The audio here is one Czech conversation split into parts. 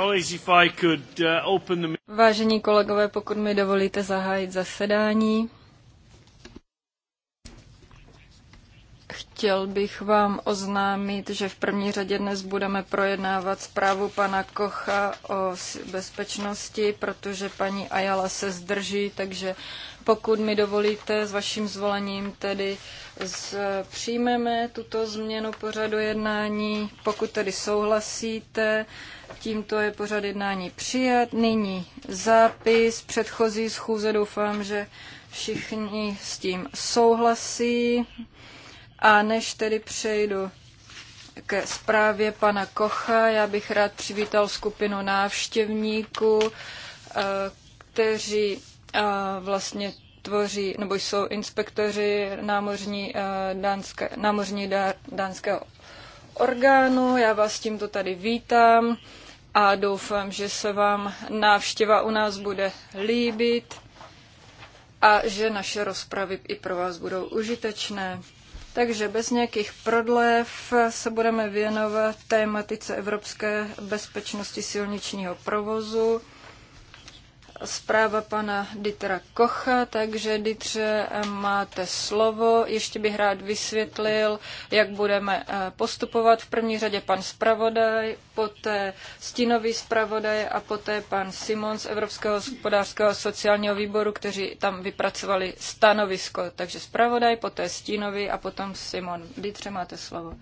Uh, Vážení kolegové, pokud mi dovolíte zahájit zasedání. Chtěl bych vám oznámit, že v první řadě dnes budeme projednávat zprávu pana Kocha o bezpečnosti, protože paní Ajala se zdrží, takže pokud mi dovolíte s vaším zvolením tedy přijmeme tuto změnu pořadu jednání. Pokud tedy souhlasíte, tímto je pořad jednání přijat. Nyní zápis předchozí schůze. Doufám, že všichni s tím souhlasí. A než tedy přejdu ke zprávě pana Kocha, já bych rád přivítal skupinu návštěvníků, eh, kteří eh, vlastně tvoří, nebo jsou inspektoři námořní, eh, dánské, námořní dánského orgánu. Já vás tímto tady vítám a doufám, že se vám návštěva u nás bude líbit a že naše rozpravy i pro vás budou užitečné. Takže bez nějakých prodlev se budeme věnovat tématice evropské bezpečnosti silničního provozu zpráva pana Dietra Kocha, takže Dietře, máte slovo. Ještě bych rád vysvětlil, jak budeme eh, postupovat. V první řadě pan zpravodaj, poté stínový zpravodaj a poté pan Simon z Evropského hospodářského sociálního výboru, kteří tam vypracovali stanovisko. Takže zpravodaj, poté stínový a potom Simon. Dietře, máte slovo.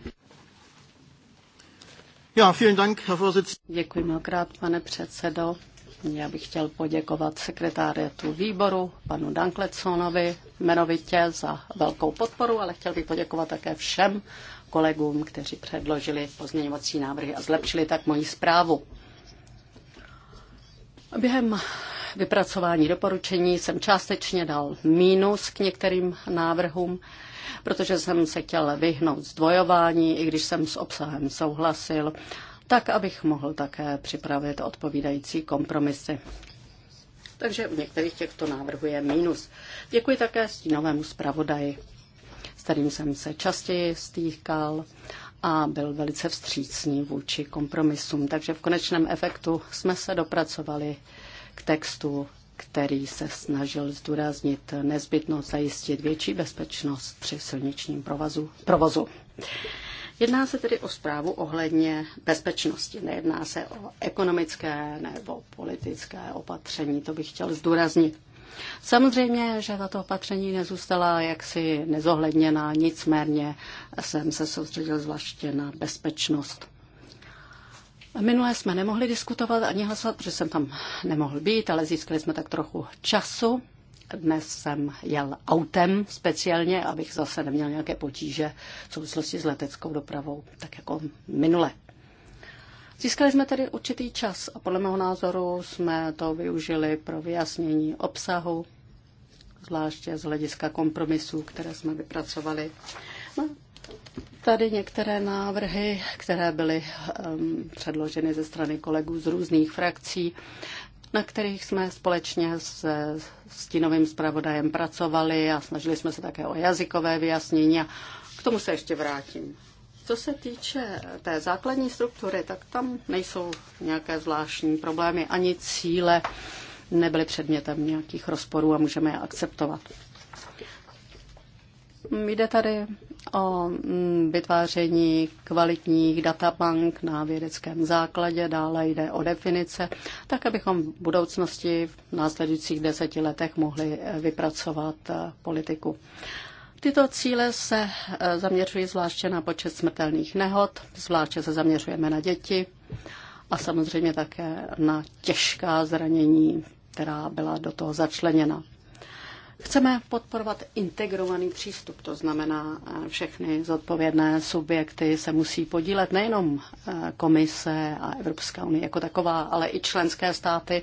Ja, vielen Dank, Herr Děkuji mnohokrát, pane předsedo. Já bych chtěl poděkovat sekretáriatu výboru, panu Dankletsonovi, jmenovitě za velkou podporu, ale chtěl bych poděkovat také všem kolegům, kteří předložili pozměňovací návrhy a zlepšili tak moji zprávu. Během vypracování doporučení jsem částečně dal mínus k některým návrhům, protože jsem se chtěl vyhnout zdvojování, i když jsem s obsahem souhlasil tak abych mohl také připravit odpovídající kompromisy. Takže u některých těchto návrhů je mínus. Děkuji také stínovému zpravodaji, s kterým jsem se častěji stýkal a byl velice vstřícný vůči kompromisům. Takže v konečném efektu jsme se dopracovali k textu, který se snažil zdůraznit nezbytnost zajistit větší bezpečnost při silničním provazu, provozu. provozu. Jedná se tedy o zprávu ohledně bezpečnosti. Nejedná se o ekonomické nebo politické opatření, to bych chtěl zdůraznit. Samozřejmě, že tato opatření nezůstala jaksi nezohledněná, nicméně jsem se soustředil zvláště na bezpečnost. Minule jsme nemohli diskutovat ani hlasovat, protože jsem tam nemohl být, ale získali jsme tak trochu času dnes jsem jel autem speciálně, abych zase neměl nějaké potíže v souvislosti s leteckou dopravou, tak jako minule. Získali jsme tedy určitý čas a podle mého názoru jsme to využili pro vyjasnění obsahu, zvláště z hlediska kompromisů, které jsme vypracovali. No, tady některé návrhy, které byly um, předloženy ze strany kolegů z různých frakcí, na kterých jsme společně s stínovým zpravodajem pracovali a snažili jsme se také o jazykové vyjasnění a k tomu se ještě vrátím. Co se týče té základní struktury, tak tam nejsou nějaké zvláštní problémy, ani cíle nebyly předmětem nějakých rozporů a můžeme je akceptovat. Jde tady o mm, vytváření kvalitních databank na vědeckém základě, dále jde o definice, tak abychom v budoucnosti v následujících deseti letech mohli eh, vypracovat eh, politiku. Tyto cíle se eh, zaměřují zvláště na počet smrtelných nehod, zvláště se zaměřujeme na děti a samozřejmě také na těžká zranění, která byla do toho začleněna. Chceme podporovat integrovaný přístup, to znamená, eh, všechny zodpovědné subjekty se musí podílet nejenom eh, komise a Evropská unie jako taková, ale i členské státy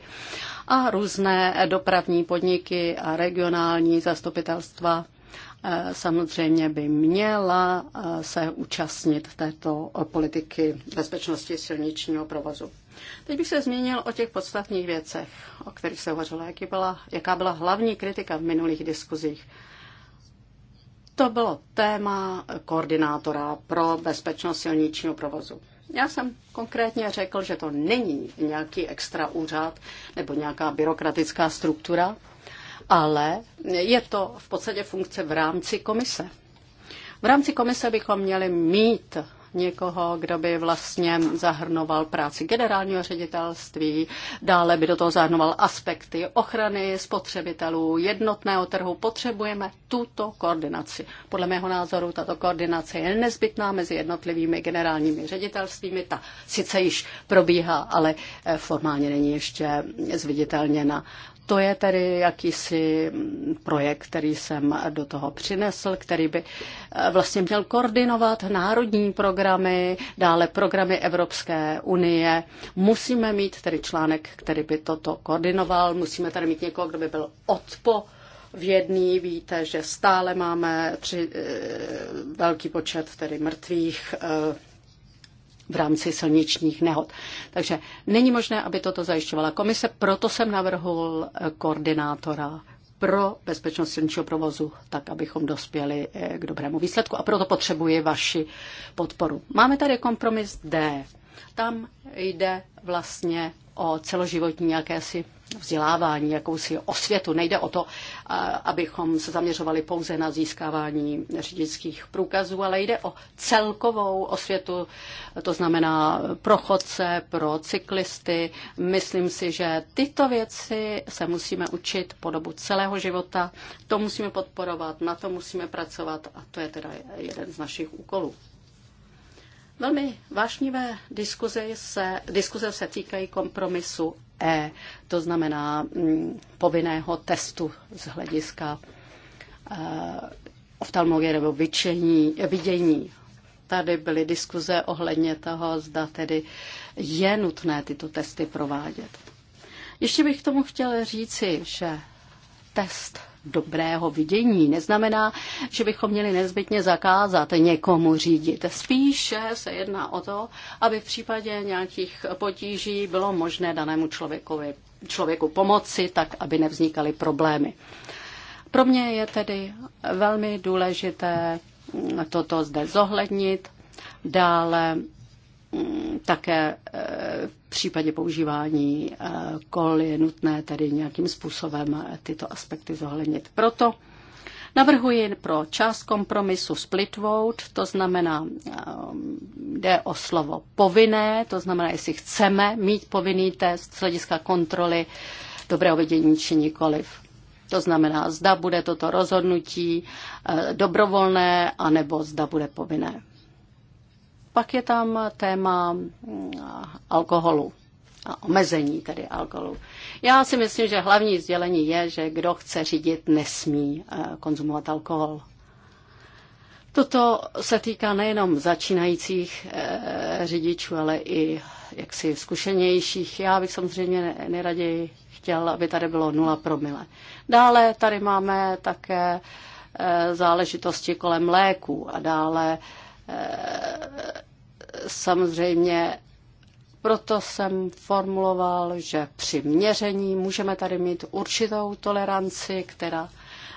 a různé dopravní podniky a regionální zastupitelstva eh, samozřejmě by měla se účastnit této politiky bezpečnosti silničního provozu. Teď bych se zmínil o těch podstatných věcech, o kterých se hovořilo, jaký byla, jaká byla hlavní kritika v minulých diskuzích. To bylo téma koordinátora pro bezpečnost silničního provozu. Já jsem konkrétně řekl, že to není nějaký extra úřad nebo nějaká byrokratická struktura, ale je to v podstatě funkce v rámci komise. V rámci komise bychom měli mít někoho, kdo by vlastně zahrnoval práci generálního ředitelství, dále by do toho zahrnoval aspekty ochrany spotřebitelů, jednotného trhu. Potřebujeme tuto koordinaci. Podle mého názoru tato koordinace je nezbytná mezi jednotlivými generálními ředitelstvími. Ta sice již probíhá, ale eh, formálně není ještě zviditelněna. To je tedy jakýsi projekt, který jsem do toho přinesl, který by eh, vlastně měl koordinovat národní programy, dále programy Evropské unie. Musíme mít tedy článek, který by toto koordinoval, musíme tady mít někoho, kdo by byl odpo vědný, víte, že stále máme tři, eh, velký počet tedy mrtvých eh, v rámci silničních nehod. Takže není možné, aby toto zajišťovala komise, proto jsem navrhl koordinátora pro bezpečnost silničního provozu, tak abychom dospěli eh, k dobrému výsledku a proto potřebuji vaši podporu. Máme tady kompromis D. Tam jde vlastně o celoživotní jakési vzdělávání, jakousi osvětu. Nejde o to, abychom se zaměřovali pouze na získávání řidičských průkazů, ale jde o celkovou osvětu, to znamená pro chodce, pro cyklisty. Myslím si, že tyto věci se musíme učit po dobu celého života. To musíme podporovat, na to musíme pracovat a to je teda jeden z našich úkolů. Velmi vášnivé diskuze se, diskuze se týkají kompromisu E, to znamená mm, povinného testu z hlediska e, oftalmologie nebo vyčení, vidění. Tady byly diskuze ohledně toho, zda tedy je nutné tyto testy provádět. Ještě bych k tomu chtěla říci, že test dobrého vidění. Neznamená, že bychom měli nezbytně zakázat někomu řídit. Spíše se jedná o to, aby v případě nějakých potíží bylo možné danému člověkovi, člověku pomoci, tak aby nevznikaly problémy. Pro mě je tedy velmi důležité toto zde zohlednit. Dále mm, také případě používání eh, kol je nutné tedy nějakým způsobem eh, tyto aspekty zohlednit. Proto Navrhuji pro část kompromisu split vote, to znamená, eh, jde o slovo povinné, to znamená, jestli chceme mít povinný test z hlediska kontroly dobrého vidění či nikoliv. To znamená, zda bude toto rozhodnutí dobrovolné, anebo zda bude povinné. Pak je tam téma mm, alkoholu a omezení tedy alkoholu. Já si myslím, že hlavní sdělení je, že kdo chce řídit, nesmí eh, konzumovat alkohol. Toto se týká nejenom začínajících eh, řidičů, ale i jaksi zkušenějších. Já bych samozřejmě nejraději chtěl, aby tady bylo nula promile. Dále tady máme také eh, záležitosti kolem léku a dále samozřejmě proto jsem formuloval, že při měření můžeme tady mít určitou toleranci, která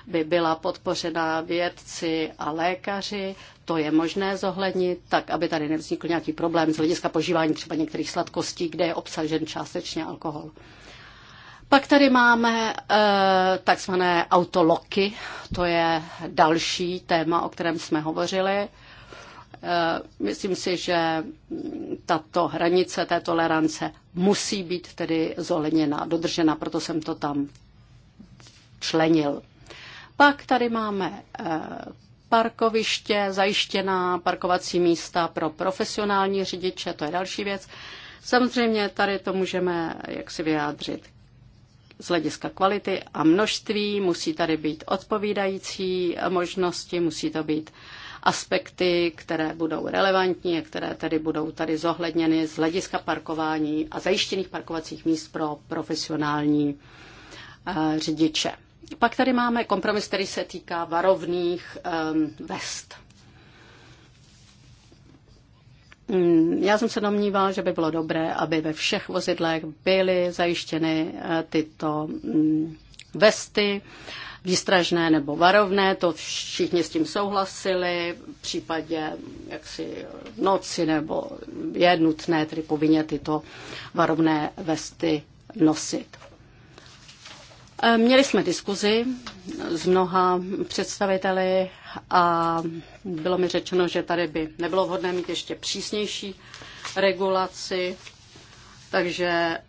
by byla podpořena vědci a lékaři. To je možné zohlednit, tak aby tady nevznikl nějaký problém z hlediska požívání třeba některých sladkostí, kde je obsažen částečně alkohol. Pak tady máme e, takzvané autoloky, to je další téma, o kterém jsme hovořili. Eh, myslím si, že tato hranice té tolerance musí být tedy zohledněna, dodržena, proto jsem to tam členil. Pak tady máme eh, parkoviště, zajištěná parkovací místa pro profesionální řidiče, to je další věc. Samozřejmě tady to můžeme jak si vyjádřit z hlediska kvality a množství, musí tady být odpovídající možnosti, musí to být uh, aspekty, které budou relevantní a které tedy budou tady zohledněny z hlediska parkování a zajištěných parkovacích míst pro profesionální eh, řidiče. Pak tady máme kompromis, který se týká varovných ehm, vest. Hmm, já jsem se domníval, že by bylo dobré, aby ve všech vozidlech byly zajištěny eh, tyto hmm, vesty výstražné nebo varovné, to všichni s tím souhlasili, v případě jaksi noci nebo je nutné tedy povinně tyto varovné vesty nosit. E, měli jsme diskuzi s mnoha představiteli a bylo mi řečeno, že tady by nebylo vhodné mít ještě přísnější regulaci, takže e,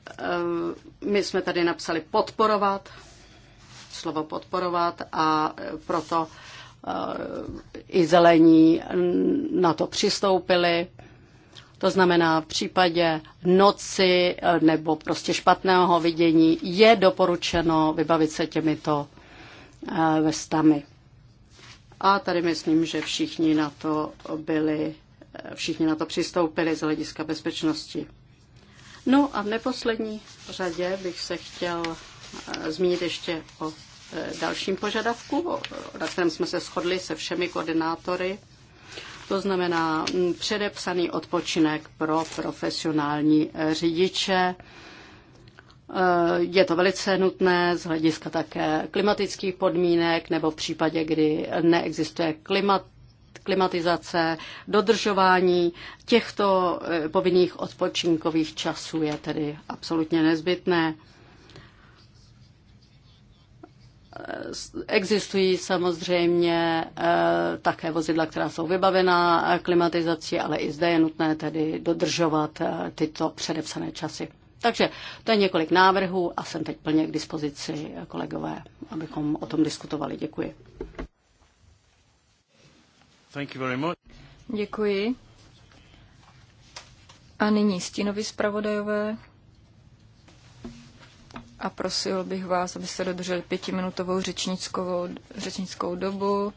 my jsme tady napsali podporovat slovo podporovat a proto e, i zelení na to přistoupili. To znamená, v případě noci e, nebo prostě špatného vidění je doporučeno vybavit se těmito e, vestami. A tady myslím, že všichni na to byli, všichni na to přistoupili z hlediska bezpečnosti. No a v neposlední řadě bych se chtěl zmínit ještě o Eh, dalším požadavku, na kterém jsme se shodli se všemi koordinátory. To znamená mm, předepsaný odpočinek pro profesionální eh, řidiče. Eh, je to velice nutné z hlediska také klimatických podmínek nebo v případě, kdy neexistuje klimat, klimatizace, dodržování těchto povinných odpočinkových časů je tedy absolutně nezbytné. Existují samozřejmě eh, také vozidla, která jsou vybavená klimatizací, ale i zde je nutné tedy dodržovat eh, tyto předepsané časy. Takže to je několik návrhů a jsem teď plně k dispozici, kolegové, abychom o tom diskutovali. Děkuji. Thank you very much. Děkuji. A nyní stínovi zpravodajové a prosil bych vás, abyste dodrželi pětiminutovou řečnickou, řečnickou dobu.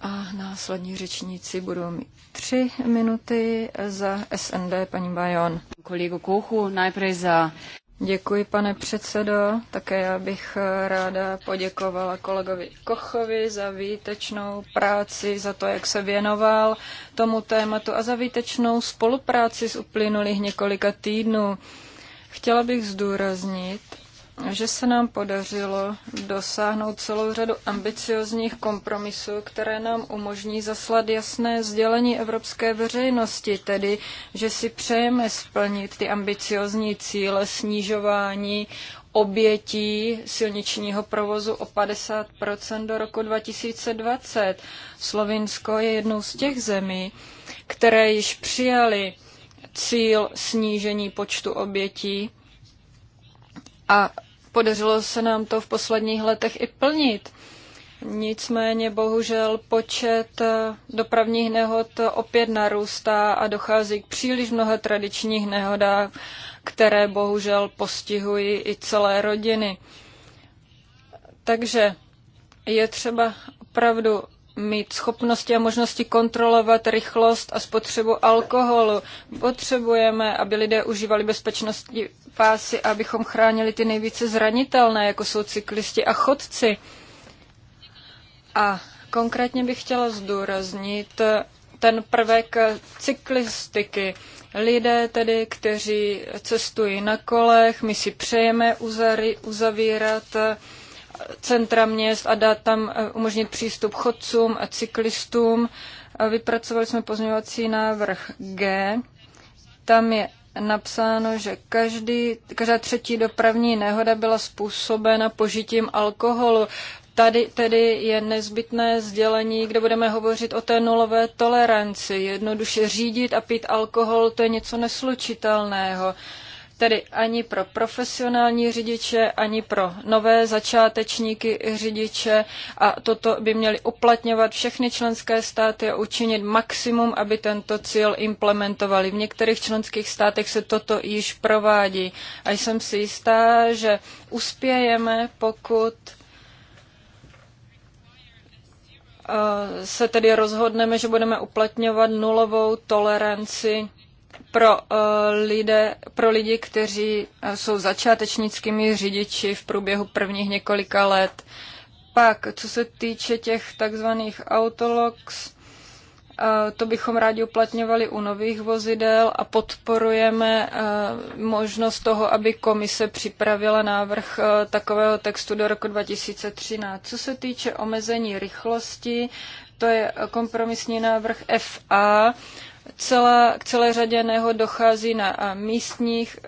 A následní řečníci budou mít tři minuty za SND, paní Bajon. Kolegu Kouchu, najprve za... Děkuji, pane předsedo. Také já bych ráda poděkovala kolegovi Kochovi za výtečnou práci, za to, jak se věnoval tomu tématu a za výtečnou spolupráci z uplynulých několika týdnů. Chtěla bych zdůraznit, že se nám podařilo dosáhnout celou řadu ambiciozních kompromisů, které nám umožní zaslat jasné sdělení evropské veřejnosti, tedy že si přejeme splnit ty ambiciozní cíle snižování obětí silničního provozu o 50 do roku 2020. Slovinsko je jednou z těch zemí, které již přijali cíl snížení počtu obětí a podařilo se nám to v posledních letech i plnit. Nicméně bohužel počet eh, dopravních nehod opět narůstá a dochází k příliš mnoha tradičních nehodách, které bohužel postihují i celé rodiny. Takže je třeba opravdu mít schopnosti a možnosti kontrolovat rychlost a spotřebu alkoholu. Potřebujeme, aby lidé užívali bezpečnostní pásy, abychom chránili ty nejvíce zranitelné, jako jsou cyklisti a chodci. A konkrétně bych chtěla zdůraznit ten prvek cyklistiky. Lidé tedy, kteří cestují na kolech, my si přejeme uzary, uzavírat centra měst a dát tam eh, umožnit přístup chodcům a cyklistům. Eh, vypracovali jsme pozměňovací návrh G. Tam je napsáno, že každý, každá třetí dopravní nehoda byla způsobena požitím alkoholu. Tady tedy je nezbytné sdělení, kde budeme hovořit o té nulové toleranci. Jednoduše řídit a pít alkohol, to je něco neslučitelného tedy ani pro profesionální řidiče, ani pro nové začátečníky řidiče a toto by měly uplatňovat všechny členské státy a učinit maximum, aby tento cíl implementovali. V některých členských státech se toto již provádí a jsem si jistá, že uspějeme, pokud eh, se tedy rozhodneme, že budeme uplatňovat nulovou toleranci pro, eh, lidé, pro lidi, kteří eh, jsou začátečnickými řidiči v průběhu prvních několika let. Pak, co se týče těch takzvaných autologs, eh, to bychom rádi uplatňovali u nových vozidel a podporujeme možnost toho, aby komise připravila návrh takového textu do roku 2013. Co se týče omezení rychlosti, to je kompromisní návrh FA. Celá, k celé řadě nehod dochází na místních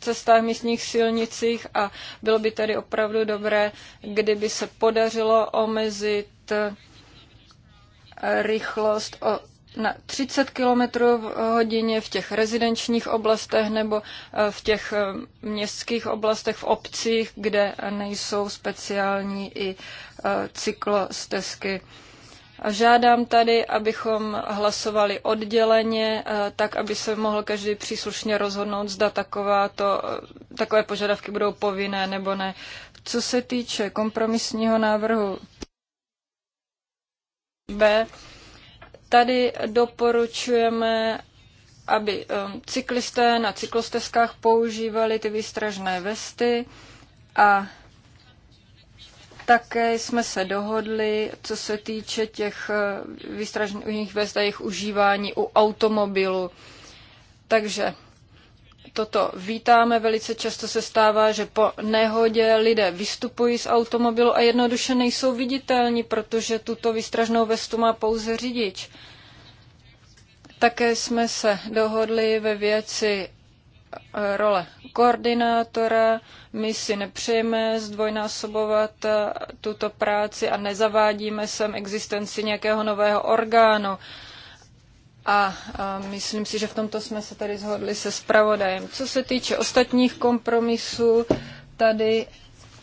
cestách, místních silnicích a bylo by tedy opravdu dobré, kdyby se podařilo omezit rychlost o na 30 km hodině v těch rezidenčních oblastech nebo v těch městských oblastech, v obcích, kde nejsou speciální i cyklostezky. Žádám tady, abychom hlasovali odděleně, eh, tak aby se mohl každý příslušně rozhodnout, zda taková to, eh, takové požadavky budou povinné nebo ne. Co se týče kompromisního návrhu B, tady doporučujeme, aby eh, cyklisté na cyklostezkách používali ty výstražné vesty a také jsme se dohodli, co se týče těch eh, výstražných vest a jejich užívání u automobilu. Takže toto vítáme. Velice často se stává, že po nehodě lidé vystupují z automobilu a jednoduše nejsou viditelní, protože tuto výstražnou vestu má pouze řidič. Také jsme se dohodli ve věci role koordinátora. My si nepřejeme zdvojnásobovat tuto práci a nezavádíme sem existenci nějakého nového orgánu. A, a myslím si, že v tomto jsme se tady zhodli se zpravodajem. Co se týče ostatních kompromisů, tady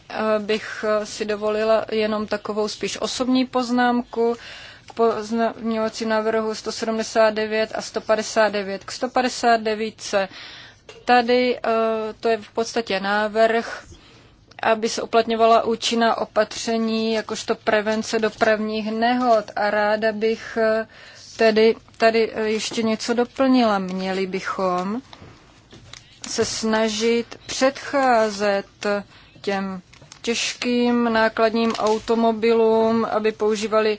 e, bych e, si dovolila jenom takovou spíš osobní poznámku k pozměňovacím návrhu 179 a 159. K 159 se Tady eh, to je v podstatě návrh, aby se uplatňovala účinná opatření, jakožto prevence dopravních nehod. A ráda bych eh, tedy tady eh, ještě něco doplnila. Měli bychom se snažit předcházet těm těžkým nákladním automobilům, aby používali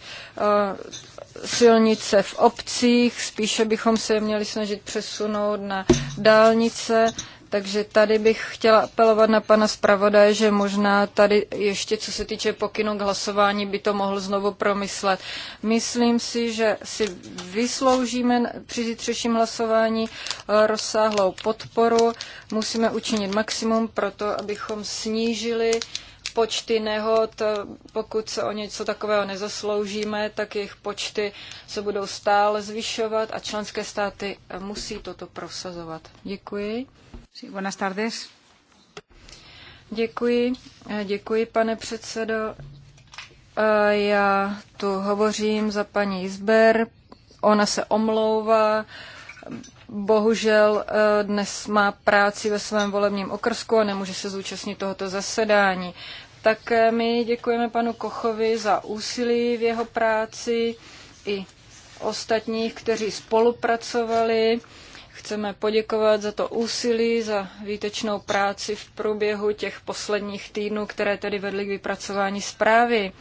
silnice v obcích, spíše bychom se měli snažit přesunout na dálnice. Takže tady bych chtěla apelovat na pana zpravodaje, že možná tady ještě co se týče pokynu k hlasování by to mohl znovu promyslet. Myslím si, že si vysloužíme při zítřejším hlasování eh, rozsáhlou podporu. Musíme učinit maximum pro to, abychom snížili uh, počty nehod, pokud se o něco takového nezasloužíme, tak jejich počty se budou stále zvyšovat a členské státy musí toto prosazovat. Děkuji. Sí, buenas tardes. Děkuji, děkuji pane předsedo. Já tu hovořím za paní Izber. Ona se omlouvá. Bohužel eh, dnes má práci ve svém volebním okrsku a nemůže se zúčastnit tohoto zasedání. Také eh, my děkujeme panu Kochovi za úsilí v jeho práci i ostatních, kteří spolupracovali. Chceme poděkovat za to úsilí, za výtečnou práci v průběhu těch posledních týdnů, které tedy vedly k vypracování zprávy.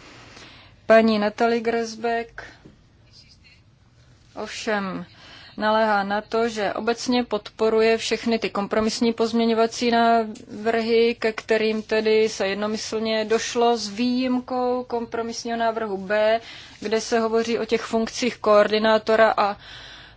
Paní Natalie Gresbeck ovšem naléhá na to, že obecně podporuje všechny ty kompromisní pozměňovací návrhy, ke kterým tedy se jednomyslně došlo s výjimkou kompromisního návrhu B, kde se hovoří o těch funkcích koordinátora a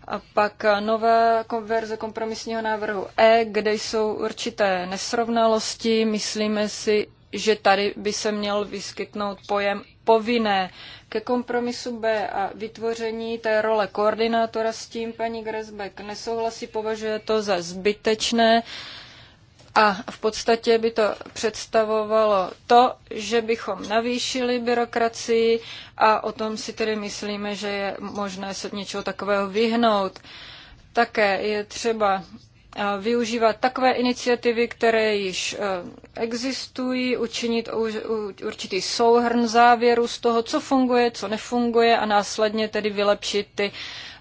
a pak nová verze kompromisního návrhu E, kde jsou určité nesrovnalosti. Myslíme si, že tady by se měl vyskytnout pojem povinné. Ke kompromisu B a vytvoření té role koordinátora s tím paní Gresbeck nesouhlasí, považuje to za zbytečné. A v podstatě by to představovalo to, že bychom navýšili byrokracii a o tom si tedy myslíme, že je možné se něčeho takového vyhnout. Také je třeba využívat takové iniciativy, které již e, existují, učinit určitý souhrn závěru z toho, co funguje, co nefunguje a následně tedy vylepšit ty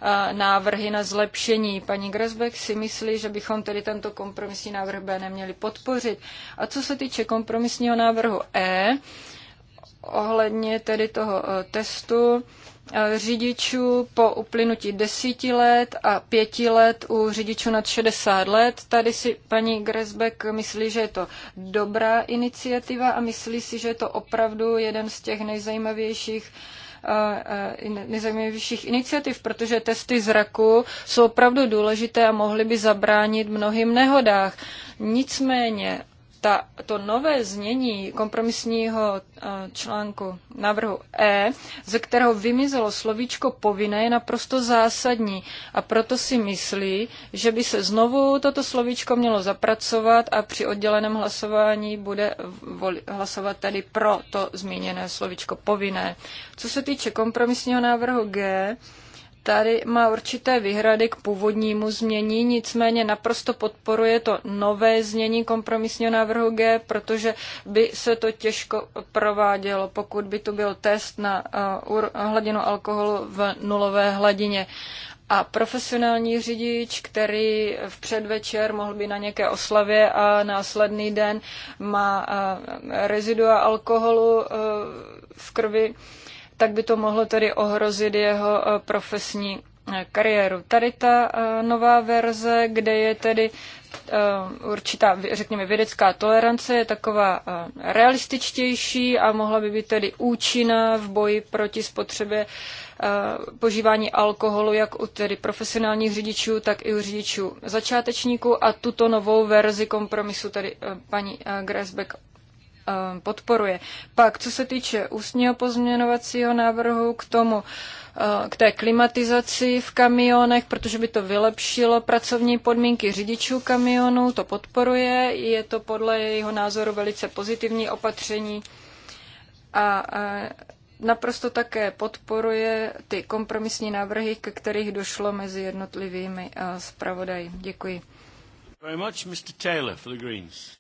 e, návrhy na zlepšení. Paní Gresbeck si myslí, že bychom tedy tento kompromisní návrh B neměli podpořit. A co se týče kompromisního návrhu E, ohledně tedy toho e, testu, Eh, řidičů po uplynutí desíti let a pěti let u řidičů nad 60 let. Tady si paní Gresbeck myslí, že je to dobrá iniciativa a myslí si, že je to opravdu jeden z těch nejzajímavějších eh, eh, nejzajímavějších iniciativ, protože testy zraku jsou opravdu důležité a mohly by zabránit mnohým nehodách. Nicméně ta, to nové znění kompromisního eh, článku návrhu E, ze kterého vymizelo slovíčko povinné, je naprosto zásadní. A proto si myslí, že by se znovu toto slovíčko mělo zapracovat a při odděleném hlasování bude hlasovat tedy pro to zmíněné slovíčko povinné. Co se týče kompromisního návrhu G, tady má určité výhrady k původnímu změní, nicméně naprosto podporuje to nové změní kompromisního návrhu G, protože by se to těžko provádělo, pokud by to byl test na uh, hladinu alkoholu v nulové hladině. A profesionální řidič, který v předvečer mohl být na nějaké oslavě a následný den má uh, rezidua alkoholu uh, v krvi, tak by to mohlo tedy ohrozit jeho eh, profesní eh, kariéru. Tady ta eh, nová verze, kde je tedy určitá, řekněme, vědecká tolerance, je taková realističtější a mohla by být tedy účinná v boji proti spotřebě požívání alkoholu jak u tedy profesionálních řidičů, tak i u řidičů začátečníků a tuto novou verzi kompromisu tady paní Gresbeck Eh, podporuje. Pak, co se týče ústního pozměňovacího návrhu k tomu, eh, k té klimatizaci v kamionech, protože by to vylepšilo pracovní podmínky řidičů kamionů, to podporuje, je to podle jeho názoru velice pozitivní opatření a, a naprosto také podporuje ty kompromisní návrhy, ke kterých došlo mezi jednotlivými eh, zpravodaji. Děkuji.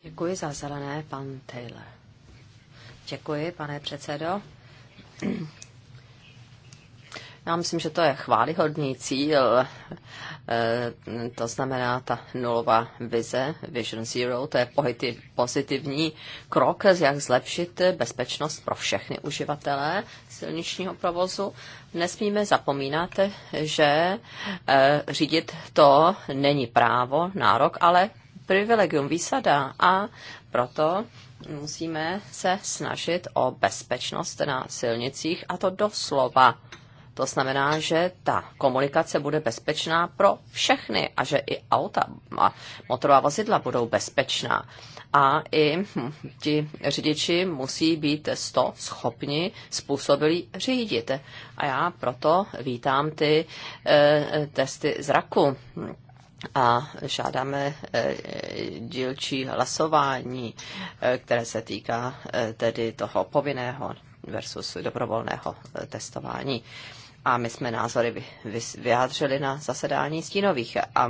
Děkuji za zelené, pan Taylor. Děkuji, pane předsedo. Já myslím, že to je chválihodný cíl. E, to znamená ta nulová vize, Vision Zero, to je pozitivní krok, jak zlepšit bezpečnost pro všechny uživatele silničního provozu. Nesmíme zapomínat, že e, řídit to není právo, nárok, ale privilegium, výsada a proto musíme se snažit o bezpečnost na silnicích a to doslova. To znamená, že ta komunikace bude bezpečná pro všechny a že i auta a motorová vozidla budou bezpečná. A i ti řidiči musí být z to schopni způsobili řídit. A já proto vítám ty e, testy zraku a žádáme eh, dílčí hlasování, eh, které se týká eh, tedy toho povinného versus dobrovolného testování a my jsme názory vyjádřili na zasedání stínových. A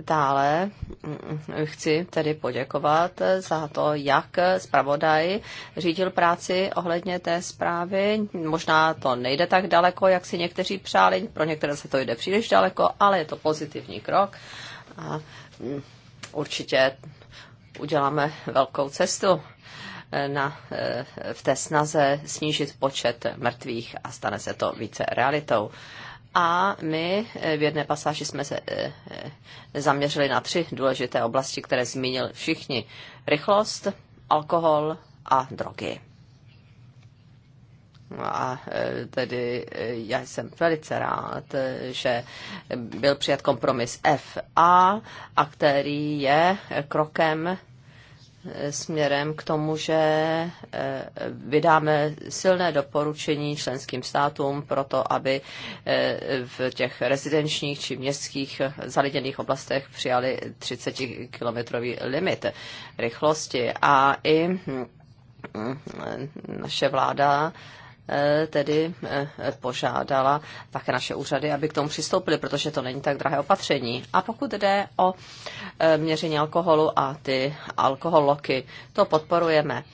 dále mm, chci tedy poděkovat za to, jak zpravodaj řídil práci ohledně té zprávy. Možná to nejde tak daleko, jak si někteří přáli, pro některé se to jde příliš daleko, ale je to pozitivní krok. A mm, určitě uděláme velkou cestu na, eh, v té snaze snížit počet mrtvých a stane se to více realitou. A my eh, v jedné pasáži jsme se eh, zaměřili na tři důležité oblasti, které zmínil všichni. Rychlost, alkohol a drogy. No a tedy já jsem velice rád, že byl přijat kompromis FA, a který je krokem E, směrem k tomu, že e, vydáme silné doporučení členským státům pro to, aby e, v těch rezidenčních či městských zaliděných oblastech přijali 30-kilometrový limit rychlosti. A i mm, mm, naše vláda Eh, tedy eh, požádala také naše úřady, aby k tomu přistoupili, protože to není tak drahé opatření. A pokud jde o eh, měření alkoholu a ty alkoholoky, to podporujeme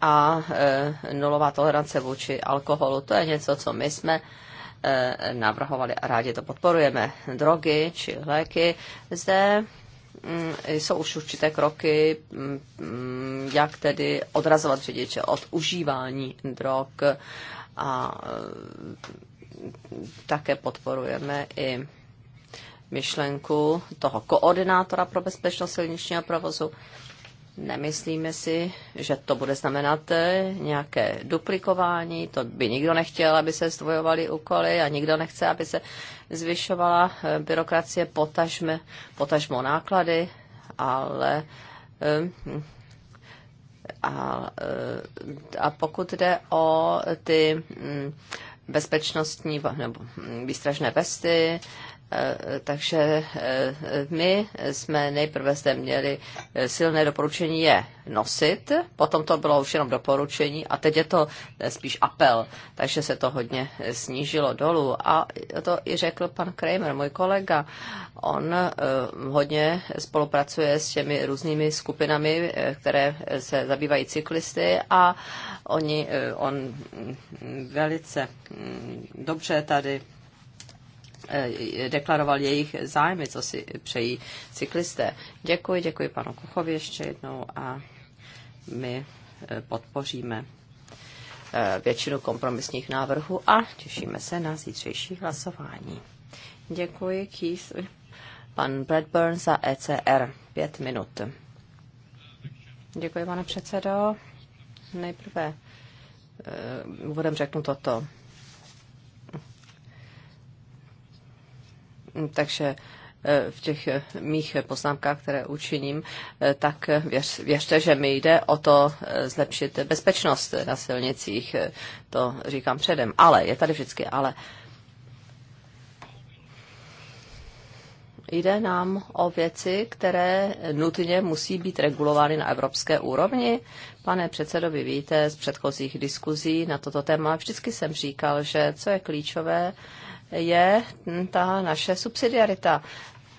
a nulová tolerance vůči alkoholu. To je něco, co my jsme navrhovali a rádi to podporujeme. Drogy či léky. Zde Mm, jsou už určité kroky, mm, jak tedy odrazovat řidiče od užívání drog a mm, také podporujeme i myšlenku toho koordinátora pro bezpečnost silničního provozu. Nemyslíme si, že to bude znamenat eh, nějaké duplikování, to by nikdo nechtěl, aby se zdvojovaly úkoly a nikdo nechce, aby se zvyšovala eh, byrokracie, potažme, potažmo náklady, ale eh, a, eh, a pokud jde o ty mm, bezpečnostní nebo mm, výstražné vesty, Eh, takže eh, my jsme nejprve zde měli eh, silné doporučení je nosit, potom to bylo už jenom doporučení a teď je to spíš apel, takže se to hodně snížilo dolů. A to i řekl pan Kramer, můj kolega, on hodně spolupracuje s těmi různými skupinami, které se zabývají cyklisty a oni, on mm, velice mm, dobře tady Eh, deklaroval jejich zájmy, co si přejí cyklisté. Děkuji, děkuji panu Kuchovi ještě jednou a my eh, podpoříme eh, většinu kompromisních návrhů a těšíme se na zítřejší hlasování. Děkuji, Keith. Pan Bradburn za ECR. Pět minut. Děkuji, pane předsedo. Nejprve úvodem řeknu toto. Takže eh, v těch eh, mých poznámkách, které učiním, eh, tak věř, věřte, že mi jde o to zlepšit bezpečnost na silnicích. To říkám předem. Ale, je tady vždycky ale. Jde nám o věci, které nutně musí být regulovány na evropské úrovni. Pane předsedo, vy víte z předchozích diskuzí na toto téma, vždycky jsem říkal, že co je klíčové, je ta naše subsidiarita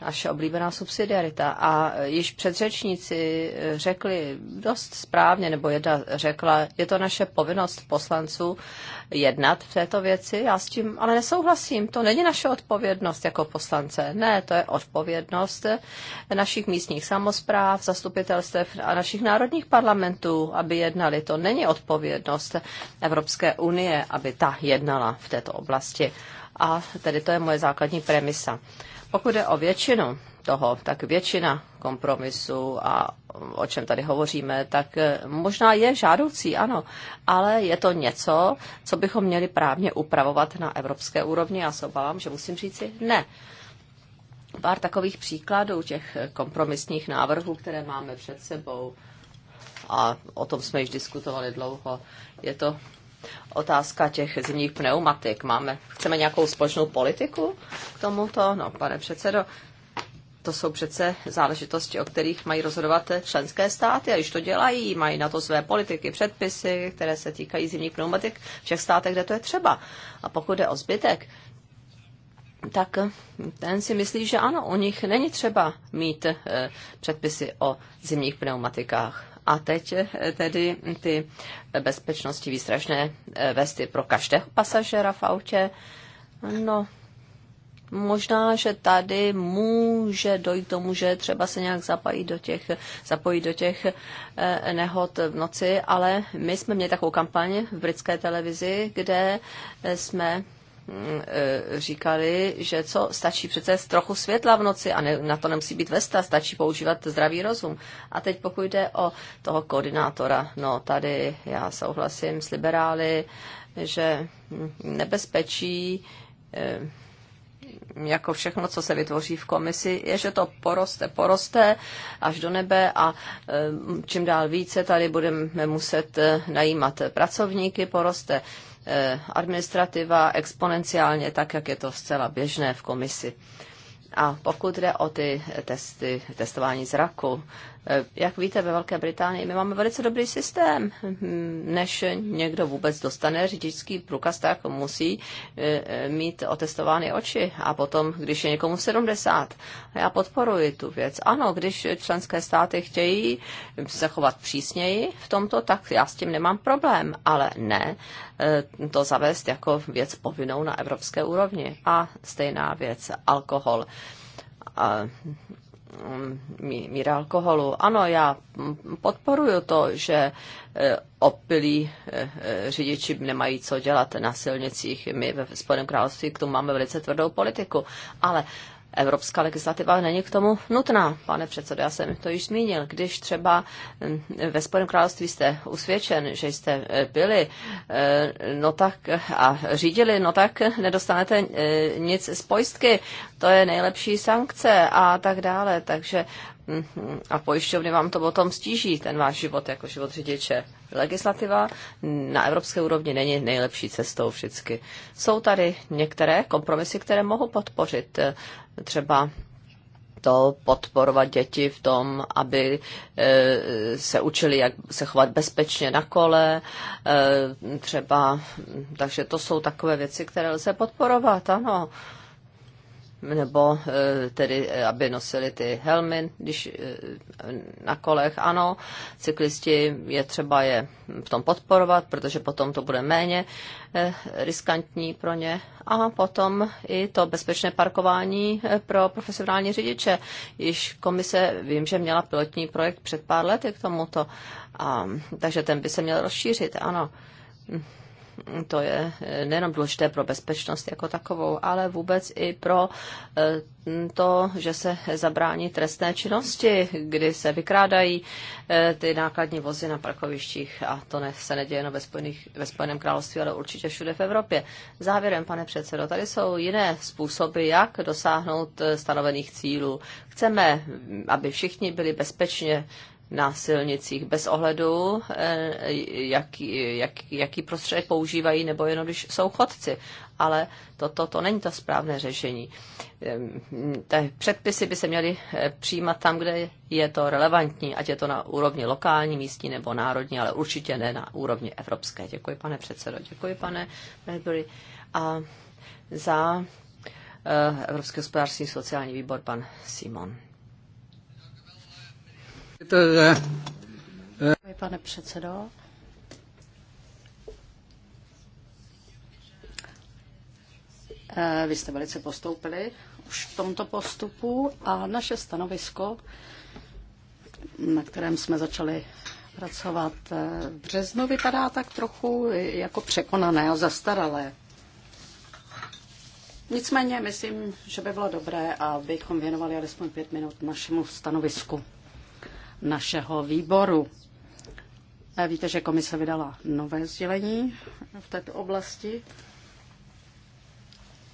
naše oblíbená subsidiarita. A již předřečníci řekli dost správně, nebo jedna řekla, je to naše povinnost poslanců jednat v této věci. Já s tím ale nesouhlasím. To není naše odpovědnost jako poslance. Ne, to je odpovědnost našich místních samozpráv, zastupitelstev a našich národních parlamentů, aby jednali. To není odpovědnost Evropské unie, aby ta jednala v této oblasti. A tedy to je moje základní premisa. Pokud je o většinu toho, tak většina kompromisu a o čem tady hovoříme, tak eh, možná je žádoucí, ano, ale je to něco, co bychom měli právně upravovat na evropské úrovni. Já se obávám, že musím říci ne. Pár takových příkladů těch kompromisních návrhů, které máme před sebou, a o tom jsme již diskutovali dlouho, je to otázka těch zimních pneumatik. Máme, chceme nějakou společnou politiku k tomuto? No, pane předsedo, to jsou přece záležitosti, o kterých mají rozhodovat členské státy a již to dělají, mají na to své politiky, předpisy, které se týkají zimních pneumatik v těch státech, kde to je třeba. A pokud jde o zbytek, tak ten si myslí, že ano, u nich není třeba mít eh, předpisy o zimních pneumatikách. A teď eh, tedy ty bezpečnosti výstražné eh, vesty pro každého pasažera v autě. No, možná, že tady může dojít k tomu, že třeba se nějak zapojí do těch, zapojí do těch eh, nehod v noci, ale my jsme měli takovou kampaň v britské televizi, kde jsme Mm, eh, říkali, že co, stačí přece trochu světla v noci a ne, na to nemusí být vesta, stačí používat zdravý rozum. A teď pokud jde o toho koordinátora, no tady já souhlasím s liberály, že nebezpečí eh, jako všechno, co se vytvoří v komisi, je, že to poroste, poroste až do nebe a eh, čím dál více tady budeme muset najímat pracovníky, poroste Eh, administrativa exponenciálně, tak jak je to zcela běžné v komisi. A pokud jde o ty testy, testování zraku, Eh, jak víte, ve Velké Británii my máme velice dobrý systém. Hm, než někdo vůbec dostane řidičský průkaz, tak musí eh, mít otestovány oči. A potom, když je někomu 70, já podporuji tu věc. Ano, když členské státy chtějí se chovat přísněji v tomto, tak já s tím nemám problém. Ale ne eh, to zavést jako věc povinnou na evropské úrovni. A stejná věc, alkohol. A Um, míra alkoholu. Ano, já podporuju to, že eh, opilí eh, eh, řidiči nemají co dělat na silnicích. My ve Spojeném království k tomu máme velice tvrdou politiku, ale evropská legislativa není k tomu nutná, pane předsedo. Já jsem to již zmínil. Když třeba mm, ve Spojeném království jste usvědčen, že jste eh, byli eh, no tak, a řídili, no tak nedostanete eh, nic z pojistky. To je nejlepší sankce a tak dále. Takže mm, a pojišťovny vám to potom stíží, ten váš život jako život řidiče legislativa na evropské úrovni není nejlepší cestou vždycky. Jsou tady některé kompromisy, které mohou podpořit eh, třeba to podporovat děti v tom, aby eh, se učili, jak se chovat bezpečně na kole, eh, třeba, takže to jsou takové věci, které lze podporovat, ano nebo eh, tedy, eh, aby nosili ty helmy, když eh, na kolech, ano, cyklisti je třeba je v tom podporovat, protože potom to bude méně riskantní pro ně. A potom i to bezpečné parkování pro profesionální řidiče. Již komise, vím, že měla pilotní projekt před pár lety k tomuto, a, takže ten by se měl rozšířit, ano to je eh, nejenom důležité pro bezpečnost jako takovou, ale vůbec i pro eh, to, že se zabrání trestné činnosti, kdy se vykrádají eh, ty nákladní vozy na parkovištích a to ne, se neděje jenom ve, Spojených, ve Spojeném království, ale určitě všude v Evropě. Závěrem, pane předsedo, tady jsou jiné způsoby, jak dosáhnout stanovených cílů. Chceme, aby všichni byli bezpečně na silnicích bez ohledu, eh, jaký, jak, jaký prostředek používají, nebo jenom když jsou chodci. Ale toto to, to není to správné řešení. Ehm, Ty předpisy by se měly eh, přijímat tam, kde je to relevantní, ať je to na úrovni lokální, místní nebo národní, ale určitě ne na úrovni evropské. Děkuji, pane předsedo. Děkuji, pane Melbury. A za eh, Evropský hospodářský sociální výbor pan Simon. Eh, eh. Děkuji, pane předsedo. Eh, vy jste velice postoupili už v tomto postupu a naše stanovisko, na kterém jsme začali pracovat v březnu, vypadá tak trochu jako překonané a zastaralé. Nicméně myslím, že by bylo dobré, abychom věnovali alespoň pět minut našemu stanovisku našeho výboru. Eh, víte, že komise vydala nové sdělení v této oblasti,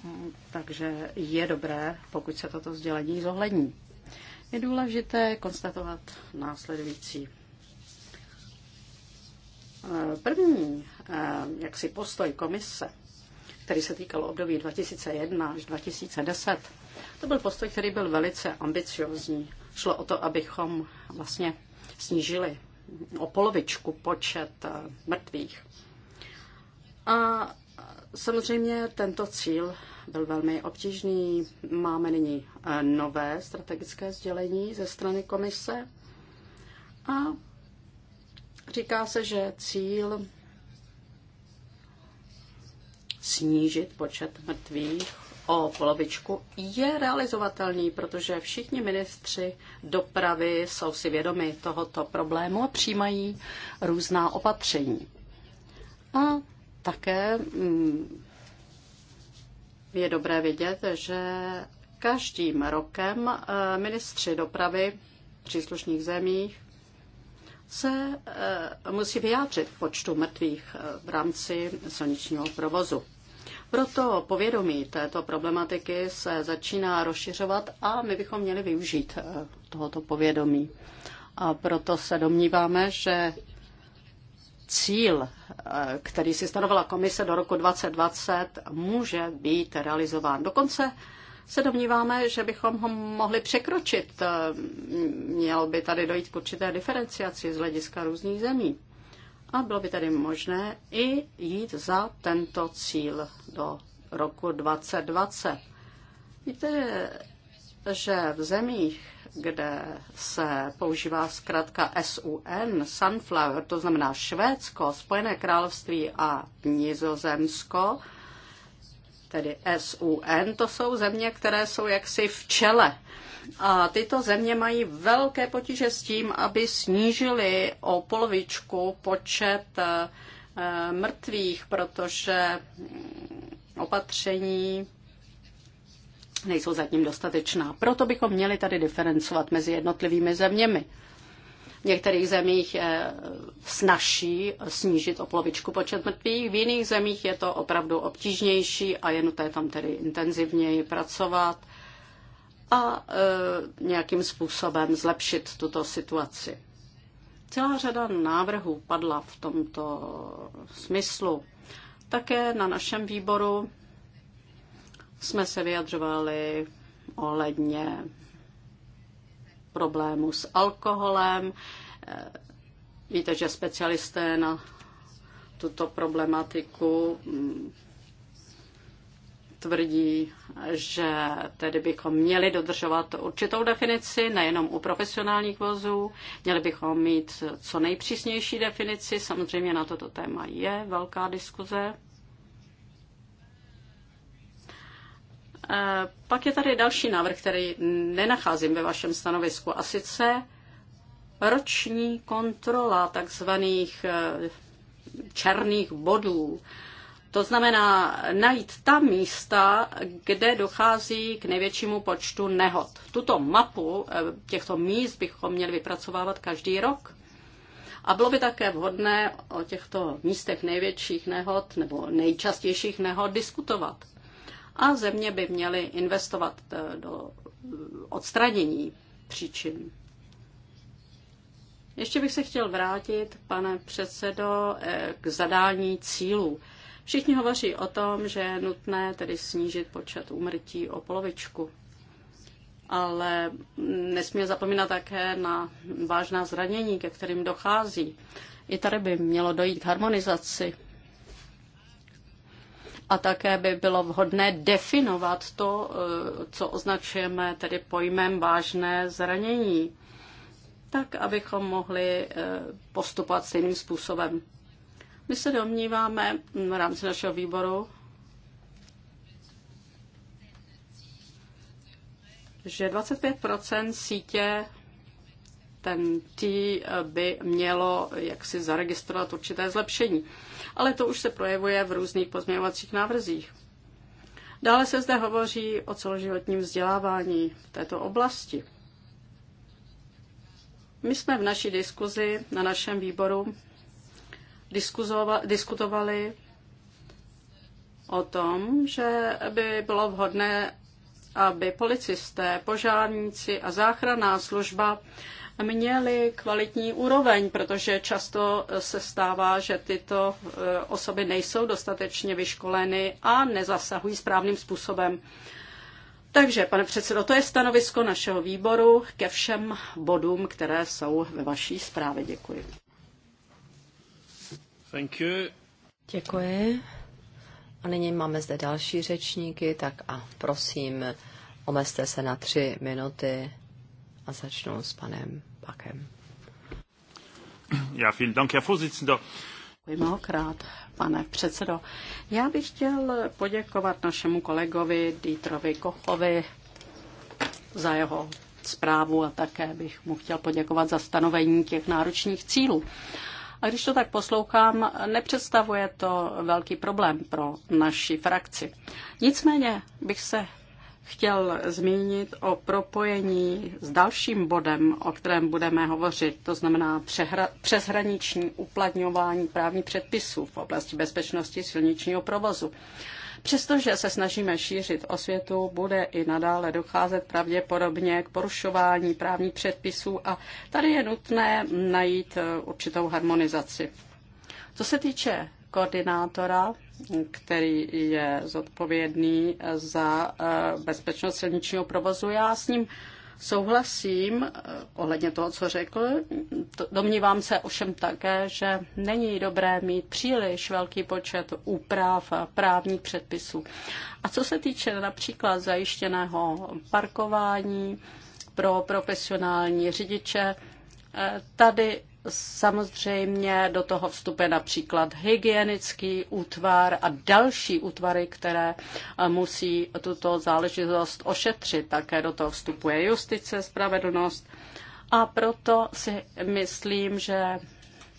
mm, takže je dobré, pokud se toto sdělení zohlední. Je důležité konstatovat následující. Eh, první eh, jaksi postoj komise, který se týkal období 2001 až 2010, to byl postoj, který byl velice ambiciozní. Šlo o to, abychom vlastně snížili o polovičku počet eh, mrtvých. A samozřejmě tento cíl byl velmi obtížný. Máme nyní eh, nové strategické sdělení ze strany komise a říká se, že cíl snížit počet mrtvých o polovičku je realizovatelný, protože všichni ministři dopravy jsou si vědomi tohoto problému a přijímají různá opatření. A také mm, je dobré vědět, že každým rokem eh, ministři dopravy příslušných zemích se eh, musí vyjádřit počtu mrtvých eh, v rámci silničního provozu. Proto povědomí této problematiky se začíná rozšiřovat a my bychom měli využít eh, tohoto povědomí. A proto se domníváme, že cíl, eh, který si stanovila komise do roku 2020, může být realizován. Dokonce se domníváme, že bychom ho mohli překročit. Eh, měl by tady dojít k určité diferenciaci z hlediska různých zemí. A bylo by tedy možné i jít za tento cíl do roku 2020. Víte, že v zemích, kde se používá zkrátka SUN, Sunflower, to znamená Švédsko, Spojené království a Nizozemsko, tedy SUN, to jsou země, které jsou jaksi v čele. A tyto země mají velké potíže s tím, aby snížili o polovičku počet eh, mrtvých, protože mm, opatření nejsou zatím dostatečná. Proto bychom měli tady diferencovat mezi jednotlivými zeměmi. V některých zemích je eh, snaží snížit o polovičku počet mrtvých, v jiných zemích je to opravdu obtížnější a je nutné tam tedy intenzivněji pracovat a e, nějakým způsobem zlepšit tuto situaci. Celá řada návrhů padla v tomto smyslu. Také na našem výboru jsme se vyjadřovali ohledně problémů s alkoholem. Eh, víte, že specialisté na tuto problematiku mm, tvrdí, že tedy bychom měli dodržovat určitou definici, nejenom u profesionálních vozů, měli bychom mít co nejpřísnější definici, samozřejmě na toto téma je velká diskuze. Eh, pak je tady další návrh, který nenacházím ve vašem stanovisku, a sice roční kontrola takzvaných eh, černých bodů. To znamená najít ta místa, kde dochází k největšímu počtu nehod. Tuto mapu eh, těchto míst bychom měli vypracovávat každý rok. A bylo by také vhodné o těchto místech největších nehod nebo nejčastějších nehod diskutovat a země by měly investovat eh, do eh, odstranění příčin. Ještě bych se chtěl vrátit, pane předsedo, eh, k zadání cílů. Všichni hovoří o tom, že je nutné tedy snížit počet úmrtí o polovičku. Ale nesmíme zapomínat také na vážná zranění, ke kterým dochází. I tady by mělo dojít k harmonizaci a také by bylo vhodné definovat to, eh, co označujeme tedy pojmem vážné zranění, tak abychom mohli eh, postupovat stejným způsobem. My se domníváme v rámci našeho výboru, že 25 sítě ten T eh, by mělo jaksi zaregistrovat určité zlepšení ale to už se projevuje v různých pozměňovacích návrzích. Dále se zde hovoří o celoživotním vzdělávání v této oblasti. My jsme v naší diskuzi na našem výboru diskutovali o tom, že by bylo vhodné, aby policisté, požárníci a záchranná služba měli kvalitní úroveň, protože často se stává, že tyto eh, osoby nejsou dostatečně vyškoleny a nezasahují správným způsobem. Takže, pane předsedo, to je stanovisko našeho výboru ke všem bodům, které jsou ve vaší zprávě. Děkuji. Thank you. Děkuji. A nyní máme zde další řečníky, tak a prosím, omezte se na tři minuty a začnu s panem Pakem. Já vielen Dank, Herr Vorsitzender. mnohokrát, pane předsedo. Já bych chtěl poděkovat našemu kolegovi Dítrovi Kochovi za jeho zprávu a také bych mu chtěl poděkovat za stanovení těch náročných cílů. A když to tak poslouchám, nepředstavuje to velký problém pro naši frakci. Nicméně bych se chtěl zmínit o propojení s dalším bodem, o kterém budeme hovořit, to znamená přehra- přeshraniční uplatňování právních předpisů v oblasti bezpečnosti silničního provozu. Přestože se snažíme šířit osvětu, bude i nadále docházet pravděpodobně k porušování právních předpisů a tady je nutné najít určitou harmonizaci. Co se týče koordinátora, který je zodpovědný za eh, bezpečnost silničního provozu. Já s ním souhlasím eh, ohledně toho, co řekl. Domnívám se ovšem také, že není dobré mít příliš velký počet úprav a právních předpisů. A co se týče například zajištěného parkování pro profesionální řidiče, eh, tady Samozřejmě do toho vstupuje například hygienický útvar a další útvary, které eh, musí tuto záležitost ošetřit. Také do toho vstupuje justice, spravedlnost. A proto si myslím, že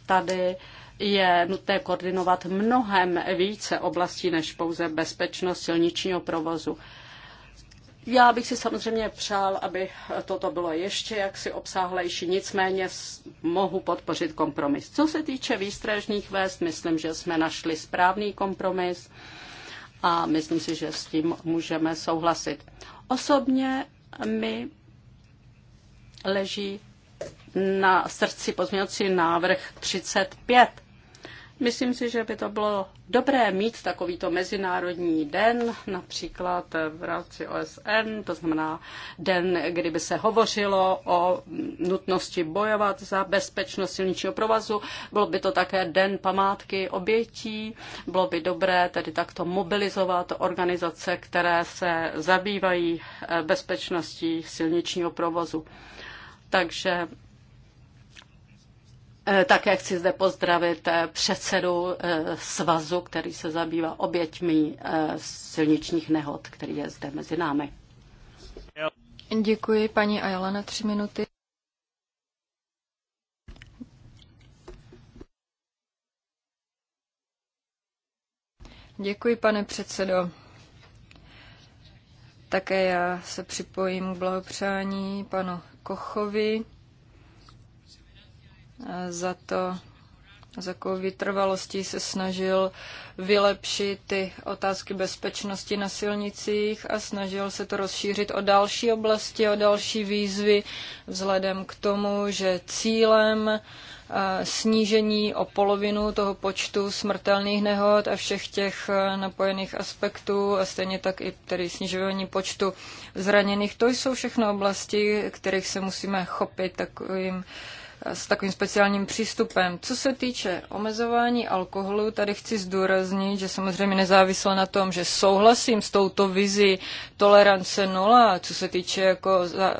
tady je nutné koordinovat mnohem více oblastí než pouze bezpečnost silničního provozu. Já bych si samozřejmě přál, aby toto bylo ještě jaksi obsáhlejší, nicméně mohu podpořit kompromis. Co se týče výstražných vést, myslím, že jsme našli správný kompromis a myslím si, že s tím můžeme souhlasit. Osobně mi leží na srdci pozměňovací návrh 35 Myslím si, že by to bylo dobré mít takovýto mezinárodní den, například v rámci OSN, to znamená den, kdyby se hovořilo o nutnosti bojovat za bezpečnost silničního provazu. Bylo by to také den památky obětí. Bylo by dobré tedy takto mobilizovat organizace, které se zabývají eh, bezpečností silničního provozu. Takže Eh, také chci zde pozdravit eh, předsedu eh, svazu, který se zabývá oběťmi silničních nehod, který je zde mezi námi. Děkuji, paní Ayala, na tři minuty. Děkuji, pane předsedo. Také já se připojím k blahopřání panu Kochovi za to, s jakou vytrvalostí se snažil vylepšit ty otázky bezpečnosti na silnicích a snažil se to rozšířit o další oblasti, o další výzvy, vzhledem k tomu, že cílem eh, snížení o polovinu toho počtu smrtelných nehod a všech těch eh, napojených aspektů a stejně tak i tedy snižování počtu zraněných. To jsou všechno oblasti, kterých se musíme chopit takovým uh, s takovým speciálním přístupem. Co se týče omezování alkoholu, tady chci zdůraznit, že samozřejmě nezávisle na tom, že souhlasím s touto vizi tolerance nula, co se týče jako za,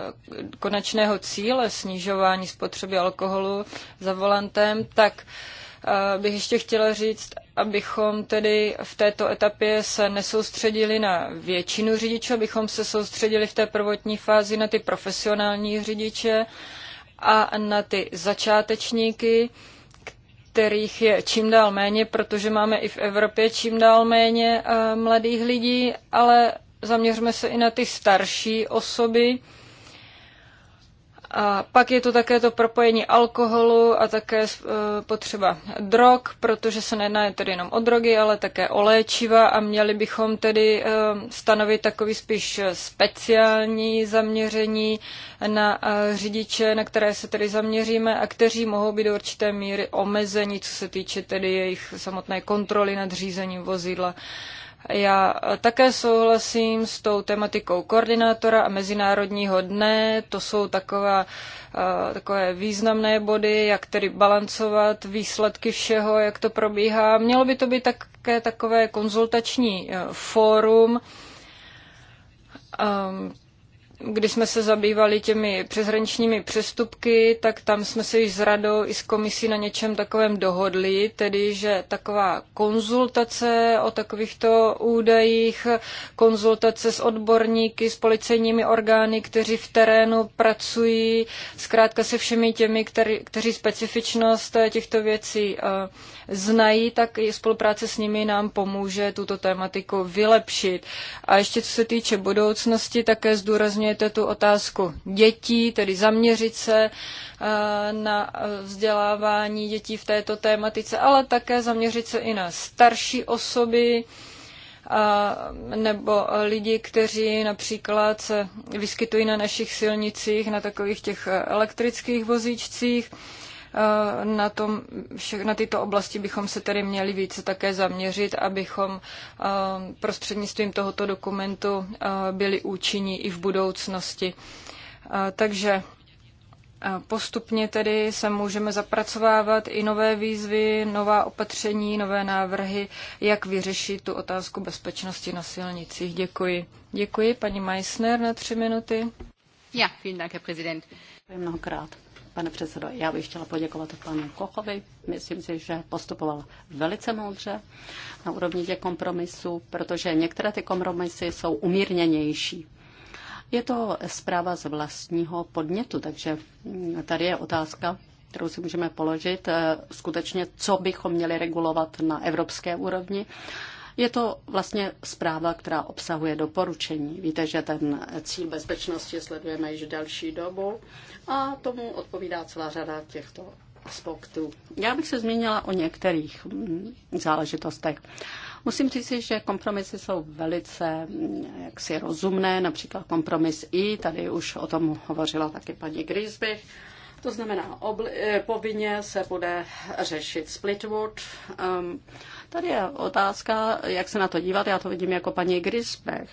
konečného cíle snižování spotřeby alkoholu za volantem, tak eh, bych ještě chtěla říct, abychom tedy v této etapě se nesoustředili na většinu řidičů, abychom se soustředili v té prvotní fázi na ty profesionální řidiče, a na ty začátečníky, kterých je čím dál méně, protože máme i v Evropě čím dál méně eh, mladých lidí, ale zaměřme se i na ty starší osoby, a pak je to také to propojení alkoholu a také eh, potřeba drog, protože se nejedná tedy jenom o drogy, ale také o léčiva a měli bychom tedy eh, stanovit takový spíš speciální zaměření na eh, řidiče, na které se tedy zaměříme a kteří mohou být do určité míry omezení, co se týče tedy jejich samotné kontroly nad řízením vozidla. Já také souhlasím s tou tematikou koordinátora a Mezinárodního dne. To jsou taková, eh, takové významné body, jak tedy balancovat výsledky všeho, jak to probíhá. Mělo by to být také takové konzultační eh, fórum ehm, když jsme se zabývali těmi přeshraničními přestupky, tak tam jsme se již s radou i s komisí na něčem takovém dohodli, tedy že taková konzultace o takovýchto údajích, konzultace s odborníky, s policejními orgány, kteří v terénu pracují, zkrátka se všemi těmi, který, kteří specifičnost těchto věcí eh, znají, tak i spolupráce s nimi nám pomůže tuto tématiku vylepšit. A ještě co se týče budoucnosti, také zdůrazňuje zmiňujete tu otázku dětí, tedy zaměřit se eh, na eh, vzdělávání dětí v této tématice, ale také zaměřit se i na starší osoby, eh, nebo lidi, kteří například se vyskytují na našich silnicích, na takových těch elektrických vozíčcích. Eh, na, tom, na tyto oblasti bychom se tedy měli více také zaměřit, abychom eh, prostřednictvím tohoto dokumentu eh, byli účinní i v budoucnosti. Takže Postupně tedy se můžeme zapracovávat i nové výzvy, nová opatření, nové návrhy, jak vyřešit tu otázku bezpečnosti na silnicích. Děkuji. Děkuji, paní Meissner, na tři minuty. Ja, vielen Dank, Herr Präsident. Mnohokrát. Pane předsedo, já bych chtěla poděkovat panu Kochovi. Myslím si, že postupoval velice moudře na úrovni těch kompromisů, protože některé ty kompromisy jsou umírněnější. Je to zpráva z vlastního podnětu, takže tady je otázka, kterou si můžeme položit, eh, skutečně, co bychom měli regulovat na evropské úrovni je to vlastně zpráva, která obsahuje doporučení. Víte, že ten cíl bezpečnosti sledujeme již delší dobu a tomu odpovídá celá řada těchto aspektů. Já bych se zmínila o některých mm, záležitostech. Musím říct, že kompromisy jsou velice mm, jaksi rozumné, například kompromis I, tady už o tom hovořila taky paní Grisbych. To znamená, obli- eh, povinně se bude řešit splitwood. Um, ehm, tady je otázka, jak se na to dívat. Já to vidím jako paní Grisbech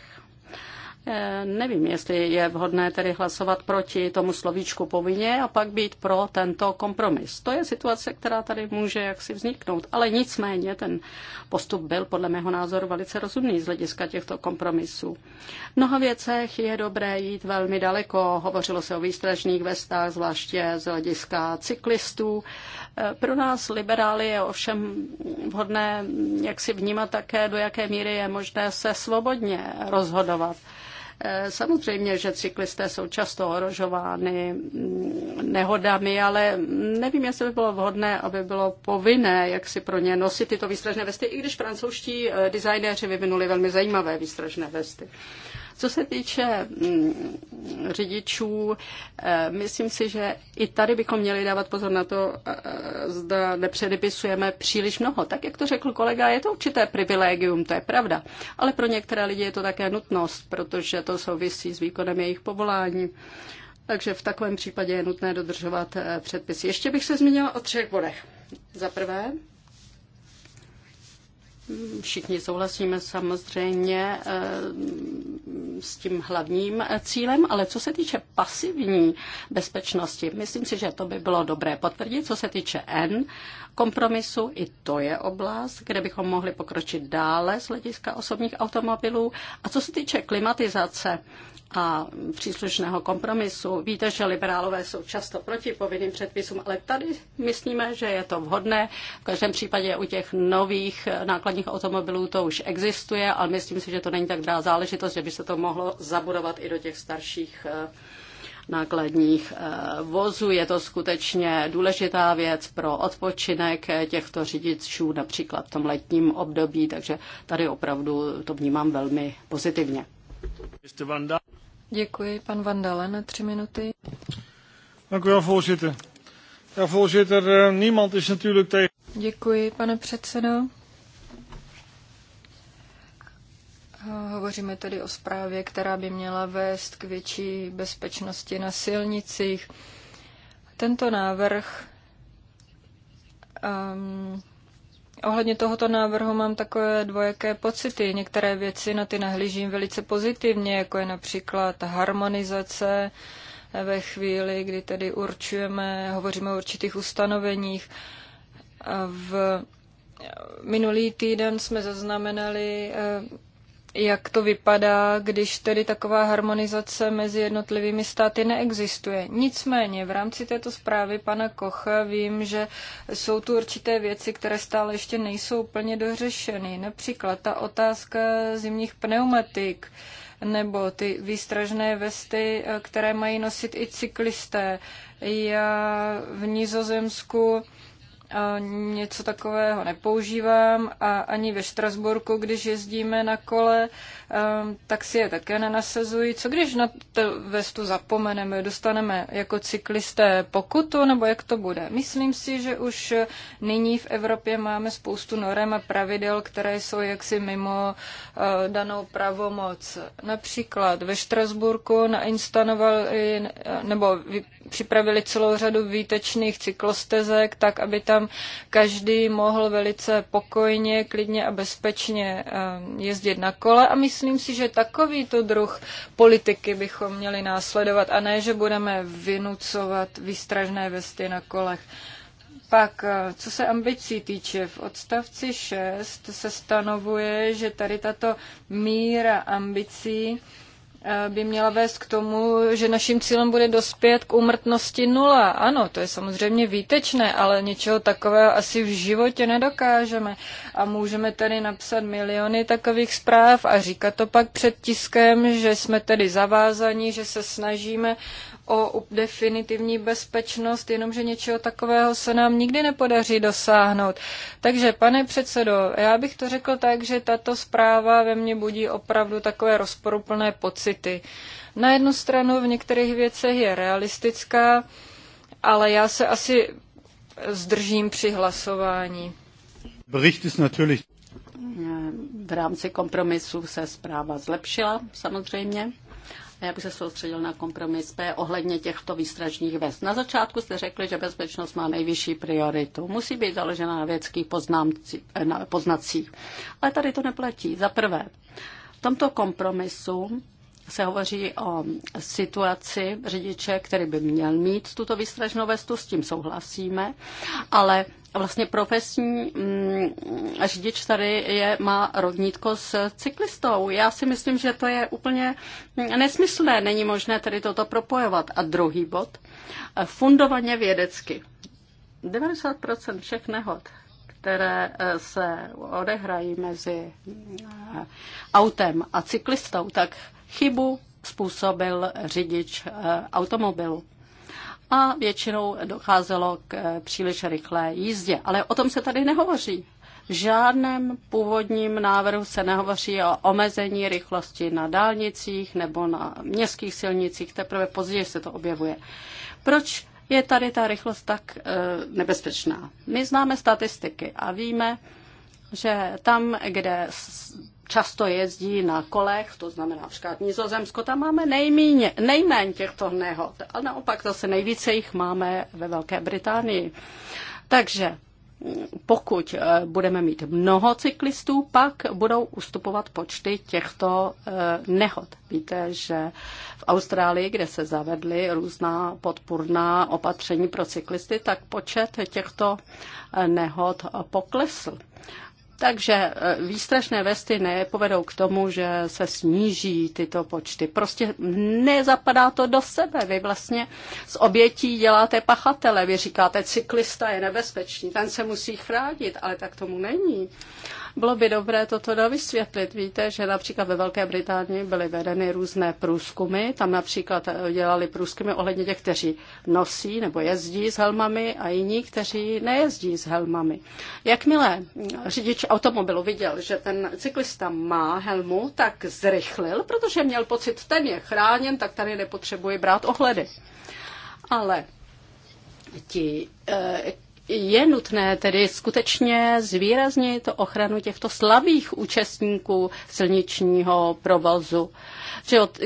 Eh, nevím, jestli je vhodné tedy hlasovat proti tomu slovíčku povinně a pak být pro tento kompromis. To je situace, která tady může jaksi vzniknout, ale nicméně ten postup byl podle mého názoru velice rozumný z hlediska těchto kompromisů. V mnoha věcech je dobré jít velmi daleko. Hovořilo se o výstražných vestách, zvláště z hlediska cyklistů. Eh, pro nás liberály je ovšem vhodné jak si vnímat také, do jaké míry je možné se svobodně rozhodovat. Eh, samozřejmě, že cyklisté jsou často ohrožovány mm, nehodami, ale nevím, jestli by bylo vhodné, aby bylo povinné, jak si pro ně nosit tyto výstražné vesty, i když francouzští eh, designéři vyvinuli velmi zajímavé výstražné vesty. Co se týče mm, řidičů, eh, myslím si, že i tady bychom měli dávat pozor na to, eh, zda nepředepisujeme příliš mnoho. Tak, jak to řekl kolega, je to určité privilegium, to je pravda. Ale pro některé lidi je to také nutnost, protože to souvisí s výkonem jejich povolání. Takže v takovém případě je nutné dodržovat eh, předpisy. Ještě bych se zmínila o třech bodech. Za prvé, Všichni souhlasíme samozřejmě eh, s tím hlavním cílem, ale co se týče pasivní bezpečnosti, myslím si, že to by bylo dobré potvrdit. Co se týče N, kompromisu. I to je oblast, kde bychom mohli pokročit dále z hlediska osobních automobilů. A co se týče klimatizace a příslušného kompromisu, víte, že liberálové jsou často proti povinným předpisům, ale tady myslíme, že je to vhodné. V každém případě u těch nových nákladních automobilů to už existuje, ale myslím si, že to není tak dá záležitost, že by se to mohlo zabudovat i do těch starších uh, nákladních eh, vozů. Je to skutečně důležitá věc pro odpočinek těchto řidičů, například v tom letním období, takže tady opravdu to vnímám velmi pozitivně. Děkuji, pan Vandalen, na tři minuty. Děkuji, voorzitter. Ja, voorzitter, eh, niemand is natuurlijk tegen. Děkuji, pane předsedo. Hovoříme tedy o zprávě, která by měla vést k větší bezpečnosti na silnicích. Tento návrh. Um, ohledně tohoto návrhu mám takové dvojaké pocity. Některé věci na ty nahlížím velice pozitivně, jako je například harmonizace ve chvíli, kdy tedy určujeme, hovoříme o určitých ustanoveních. V minulý týden jsme zaznamenali ehm, jak to vypadá, když tedy taková harmonizace mezi jednotlivými státy neexistuje. Nicméně v rámci této zprávy pana Kocha vím, že jsou tu určité věci, které stále ještě nejsou plně dořešeny. Například ta otázka zimních pneumatik nebo ty výstražné vesty, eh, které mají nosit i cyklisté. Já v Nizozemsku něco takového nepoužívám a ani ve Štrasburku, když jezdíme na kole, Ehm, tak si je také nenasazují. Co když na tu vestu zapomeneme, dostaneme jako cyklisté pokutu, nebo jak to bude? Myslím si, že už nyní v Evropě máme spoustu norem a pravidel, které jsou jaksi mimo eh, danou pravomoc. Například ve Štrasburku nainstanovali eh, nebo připravili celou řadu výtečných cyklostezek, tak aby tam každý mohl velice pokojně, klidně a bezpečně ehm, jezdit na kole a my Myslím si, že takovýto druh politiky bychom měli následovat a ne, že budeme vynucovat výstražné vesty na kolech. Pak, eh, co se ambicí týče, v odstavci 6 se stanovuje, že tady tato míra ambicí Eh, by měla vést k tomu, že naším cílem bude dospět k umrtnosti nula. Ano, to je samozřejmě výtečné, ale něčeho takového asi v životě nedokážeme. A můžeme tedy napsat miliony takových zpráv a říkat to pak před tiskem, že jsme tedy zavázaní, že se snažíme o definitivní bezpečnost, jenomže něčeho takového se nám nikdy nepodaří dosáhnout. Takže, pane předsedo, já bych to řekl tak, že tato zpráva ve mně budí opravdu takové rozporuplné pocity. Na jednu stranu v některých věcech je realistická, ale já se asi zdržím při hlasování. Bericht ist natürlich v rámci kompromisu se zpráva zlepšila samozřejmě. Já bych se soustředil na kompromis B ohledně těchto výstražních vest. Na začátku jste řekli, že bezpečnost má nejvyšší prioritu. Musí být založena na vědeckých eh, poznacích. Ale tady to neplatí. Za prvé, v tomto kompromisu se hovoří o situaci řidiče, který by měl mít tuto výstražnou vestu, s tím souhlasíme, ale vlastně profesní mm, řidič tady je, má rovnítko s cyklistou. Já si myslím, že to je úplně nesmyslné, není možné tady toto propojovat. A druhý bod, fundovaně vědecky. 90% všech nehod, které eh, se odehrají mezi eh, autem a cyklistou, tak Chybu způsobil řidič eh, automobilu. A většinou docházelo k eh, příliš rychlé jízdě. Ale o tom se tady nehovoří. V žádném původním návrhu se nehovoří o omezení rychlosti na dálnicích nebo na městských silnicích, teprve později se to objevuje. Proč je tady ta rychlost tak e, nebezpečná? My známe statistiky a víme, že tam, kde často jezdí na kolech, to znamená například Nizozemsko, tam máme nejméně, nejméně těchto nehod, a naopak zase nejvíce jich máme ve Velké Británii. Takže mm, pokud eh, budeme mít mnoho cyklistů, pak budou ustupovat počty těchto eh, nehod. Víte, že v Austrálii, kde se zavedly různá podpůrná opatření pro cyklisty, tak počet těchto eh, nehod poklesl. Takže e, výstrašné vesty nepovedou k tomu, že se sníží tyto počty. Prostě nezapadá to do sebe. Vy vlastně z obětí děláte pachatele. Vy říkáte, cyklista je nebezpečný, ten se musí chránit, ale tak tomu není. Bylo by dobré toto vysvětlit. Víte, že například ve Velké Británii byly vedeny různé průzkumy. Tam například eh, dělali průzkumy ohledně těch, kteří nosí nebo jezdí s helmami a jiní, kteří nejezdí s helmami. Jakmile řidič automobilu viděl, že ten cyklista má helmu, tak zrychlil, protože měl pocit, ten je chráněn, tak tady nepotřebuje brát ohledy. Ale ti, eh, je nutné tedy skutečně zvýraznit ochranu těchto slabých účastníků silničního provozu.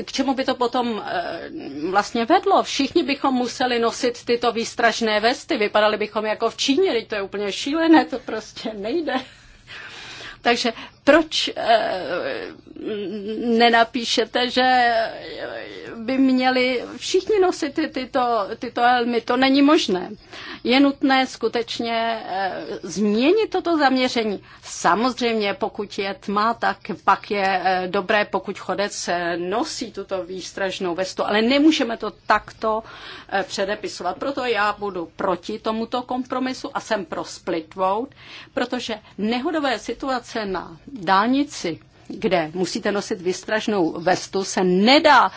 K čemu by to potom eh, vlastně vedlo? Všichni bychom museli nosit tyto výstražné vesty, vypadali bychom jako v Číně, teď to je úplně šílené, to prostě nejde. Takže proč eh, nenapíšete, že by měli všichni nosit ty, tyto, tyto helmy? To není možné. Je nutné skutečně eh, změnit toto zaměření. Samozřejmě, pokud je tma, tak pak je eh, dobré, pokud chodec nosí tuto výstražnou vestu, ale nemůžeme to takto předepisovat. Proto já budu proti tomuto kompromisu a jsem pro split vote, protože nehodové situace na dálnici, kde musíte nosit vystražnou vestu, se nedá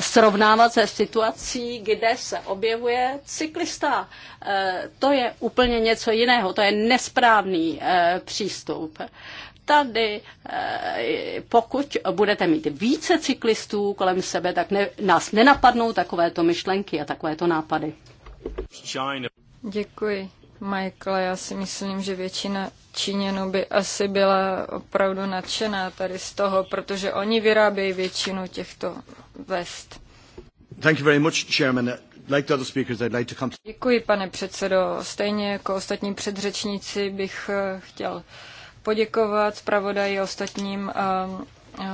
srovnávat se situací, kde se objevuje cyklista. Eh, to je úplně něco jiného, to je nesprávný eh, přístup. Tady, eh, pokud budete mít více cyklistů kolem sebe, tak ne, nás nenapadnou takovéto myšlenky a takovéto nápady. Děkuji. Michael, já si myslím, že většina Číněnů by asi byla opravdu nadšená tady z toho, protože oni vyrábějí většinu těchto vest. Thank you very much, Chairman. Like like to to... speakers, come Děkuji, pane předsedo. Stejně jako ostatní předřečníci bych eh, chtěl poděkovat zpravodaji ostatním um,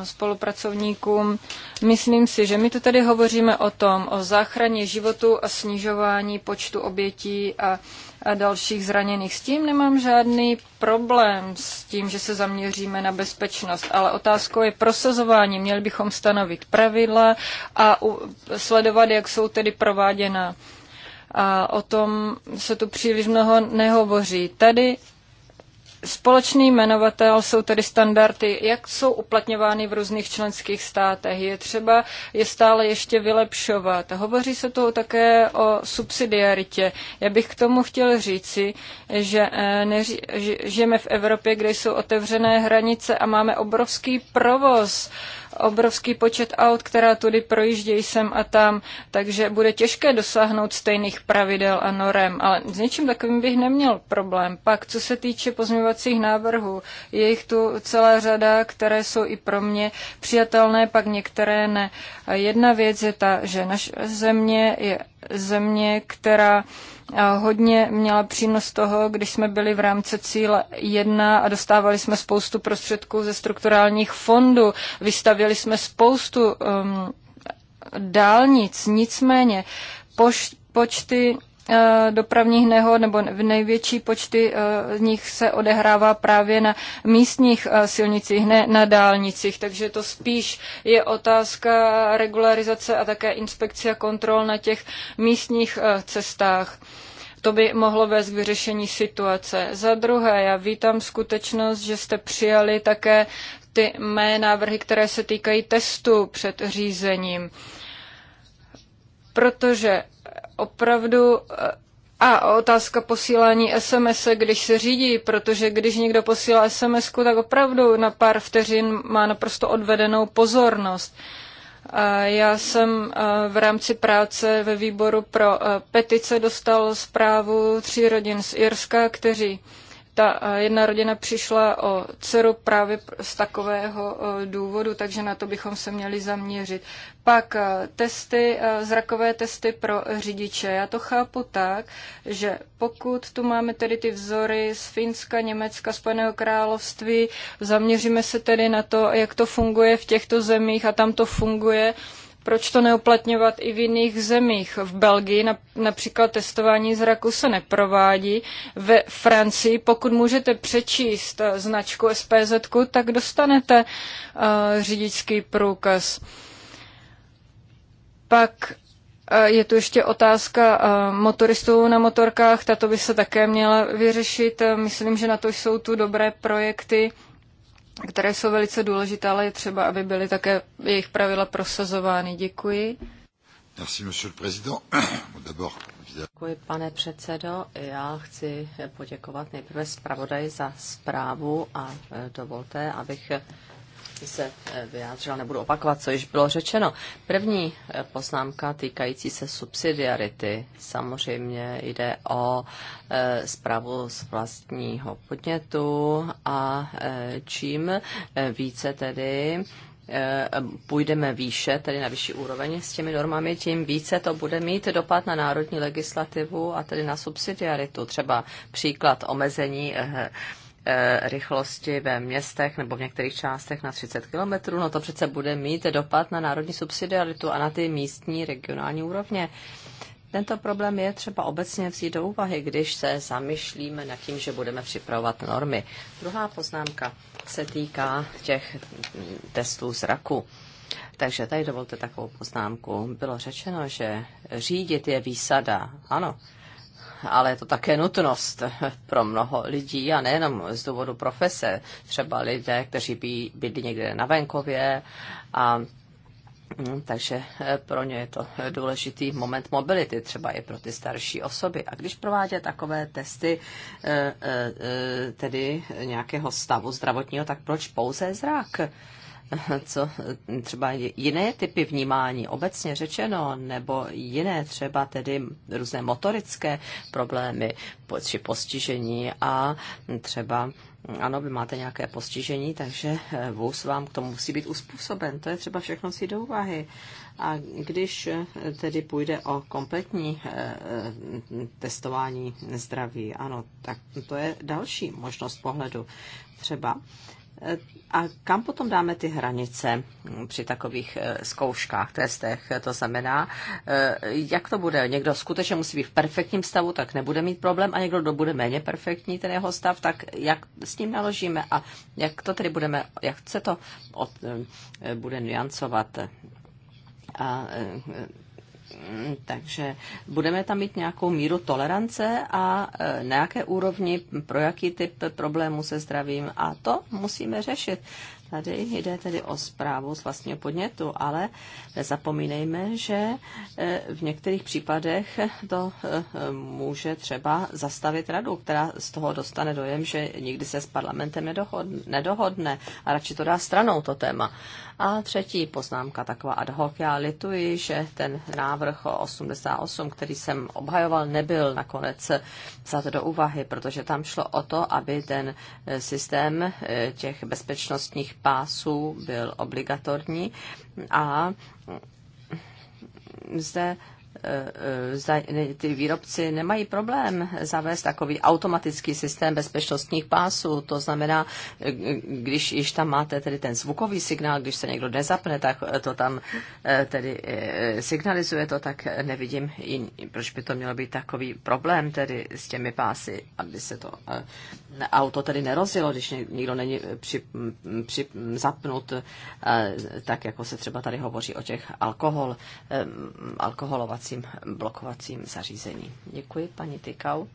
spolupracovníkům. Myslím si, že my tu tady hovoříme o tom, o záchraně životu a snižování počtu obětí a dalších zraněných. S tím nemám žádný problém s tím, že se zaměříme na bezpečnost, ale otázkou je prosazování. Měli bychom stanovit pravidla a sledovat, jak jsou tedy prováděna. A o tom se tu příliš mnoho nehovoří. Tady Společný jmenovatel jsou tedy standardy, jak jsou uplatňovány v různých členských státech. Je třeba je stále ještě vylepšovat. Hovoří se tu také o subsidiaritě. Já bych k tomu chtěl říci, že eh, neří, žijeme v Evropě, kde jsou otevřené hranice a máme obrovský provoz obrovský počet aut, která tudy projíždějí sem a tam, takže bude těžké dosáhnout stejných pravidel a norem, ale s něčím takovým bych neměl problém. Pak, co se týče pozměňovacích návrhů, je jich tu celá řada, které jsou i pro mě přijatelné, pak některé ne. A jedna věc je ta, že naše země je země, která uh, hodně měla přínos toho, když jsme byli v rámci cíle 1 a dostávali jsme spoustu prostředků ze strukturálních fondů, vystavili jsme spoustu um, dálnic, nicméně poš, počty Eh, dopravních nehod nebo v největší počty eh, z nich se odehrává právě na místních eh, silnicích, ne na dálnicích. Takže to spíš je otázka regularizace a také inspekce a kontrol na těch místních cestách. To by mohlo vést k vyřešení situace. Za druhé, já vítám skutečnost, že jste přijali také ty mé návrhy, které se týkají testu před řízením. Uh, protože opravdu a otázka posílání SMS, když se řídí, protože když někdo posílá SMS, tak opravdu na pár vteřin má naprosto odvedenou pozornost. Já jsem v rámci práce ve výboru pro petice dostal zprávu tří rodin z Irska, kteří ta eh, jedna rodina přišla o dceru právě z takového eh, důvodu, takže na to bychom se měli zaměřit. Pak eh, testy, zrakové testy pro řidiče. Já to chápu tak, že pokud tu máme tedy ty vzory z Finska, Německa, Spojeného království, zaměříme se tedy na to, jak to funguje v těchto zemích a tam to funguje, proč to neuplatňovat i v jiných zemích? V Belgii například testování zraku se neprovádí. Ve Francii, pokud můžete přečíst eh, značku SPZ, tak dostanete uh, řidičský průkaz. Pak eh, je tu ještě otázka motoristů na motorkách, tato by se také měla vyřešit. Myslím, že na to jsou tu dobré projekty které jsou velice důležité, ale je třeba, aby byly také jejich pravidla prosazovány. Děkuji. Merci, monsieur le président. Děkuji, pane předsedo. Já chci poděkovat nejprve zpravodaji za zprávu a e, dovolte, abych se eh, vyjádřila, nebudu opakovat, co již bylo řečeno. První eh, poznámka týkající se subsidiarity. Samozřejmě jde o zprávu eh, z vlastního podnětu a čím více tedy půjdeme výše, tedy na vyšší úroveň s těmi normami, tím více to bude mít dopad na národní legislativu a tedy na subsidiaritu. Třeba příklad omezení E, rychlosti ve městech nebo v některých částech na 30 km, no to přece bude mít dopad na národní subsidiaritu a na ty místní regionální úrovně. Tento problém je třeba obecně vzít do úvahy, když se zamyšlíme nad tím, že budeme připravovat normy. Druhá poznámka se týká těch testů zraku. Takže tady dovolte takovou poznámku. Bylo řečeno, že řídit je výsada. Ano, ale je to také nutnost pro mnoho lidí a nejenom z důvodu profese. Třeba lidé, kteří by byli někde na venkově a mm, takže eh, pro ně je to důležitý moment mobility, třeba i pro ty starší osoby. A když provádějí takové testy eh, eh, tedy nějakého stavu zdravotního, tak proč pouze zrak? co třeba jiné typy vnímání obecně řečeno, nebo jiné třeba tedy různé motorické problémy či postižení a třeba ano, vy máte nějaké postižení, takže eh, vůz vám k tomu musí být uspůsoben. To je třeba všechno si do úvahy. A když eh, tedy půjde o kompletní eh, testování zdraví, ano, tak to je další možnost pohledu. Třeba a kam potom dáme ty hranice při takových eh, zkouškách, testech? To znamená, eh, jak to bude? Někdo skutečně musí být v perfektním stavu, tak nebude mít problém, a někdo, kdo bude méně perfektní, ten jeho stav, tak jak s ním naložíme a jak to tedy budeme, jak se to od, eh, bude nuancovat? A Mm, takže budeme tam mít nějakou míru tolerance a e, na jaké úrovni, pro jaký typ problémů se zdravím. A to musíme řešit. Tady jde tedy o zprávu z vlastního podnětu, ale nezapomínejme, že eh, v některých případech to eh, může třeba zastavit radu, která z toho dostane dojem, že nikdy se s parlamentem nedohodne a radši to dá stranou to téma. A třetí poznámka taková ad hoc. Já lituji, že ten návrh 88, který jsem obhajoval, nebyl nakonec vzat do úvahy, protože tam šlo o to, aby ten eh, systém těch bezpečnostních pásů byl obligatorní a zde E, ty výrobci nemají problém zavést takový automatický systém bezpečnostních pásů. To znamená, e, když již tam máte tedy ten zvukový signál, když se někdo nezapne, tak to tam e, tedy signalizuje to, tak nevidím, jiný, proč by to mělo být takový problém tedy s těmi pásy, aby se to auto tedy nerozjelo, když nikdo není při, při, zapnut, tak jako se třeba tady hovoří o těch alkohol, alkoholovacích blokovacím, blokovacím zařízení. Děkuji, paní Tykau.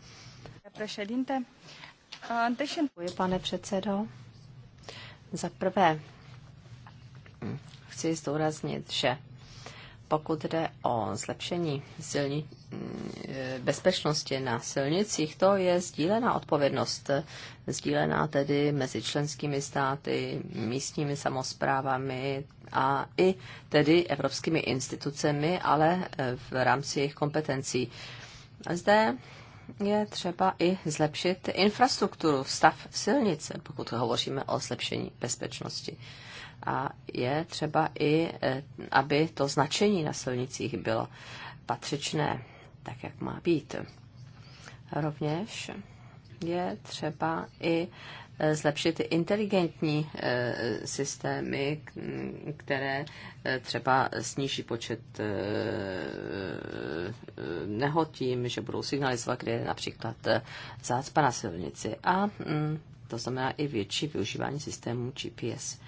Děkuji, pane předsedo. Za prvé chci zdůraznit, že pokud jde o zlepšení silni, mm, bezpečnosti na silnicích, to je sdílená odpovědnost, sdílená tedy mezi členskými státy, místními samozprávami a i tedy evropskými institucemi, ale eh, v rámci jejich kompetencí. Zde je třeba i zlepšit infrastrukturu, stav silnice, pokud hovoříme o zlepšení bezpečnosti a je třeba i, e, aby to značení na silnicích bylo patřičné, tak jak má být. Rovněž je třeba i e, zlepšit inteligentní e, systémy, které třeba sníží počet nehod tím, že budou signalizovat, kde je například zácpa na silnici. A mm, to znamená i větší využívání systému GPS.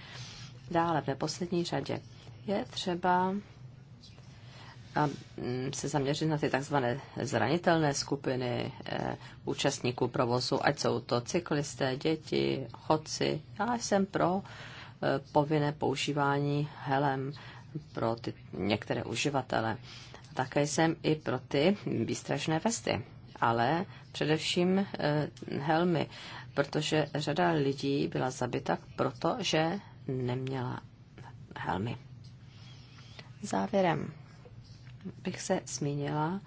Dále v neposlední řadě je třeba um, se zaměřit na ty takzvané zranitelné skupiny eh, účastníků provozu, ať jsou to cyklisté, děti, chodci. Já jsem pro eh, povinné používání helem pro ty některé uživatele. Také jsem i pro ty výstražné vesty, ale především eh, helmy, protože řada lidí byla zabita proto, že neměla helmy. Závěrem bych se zmínila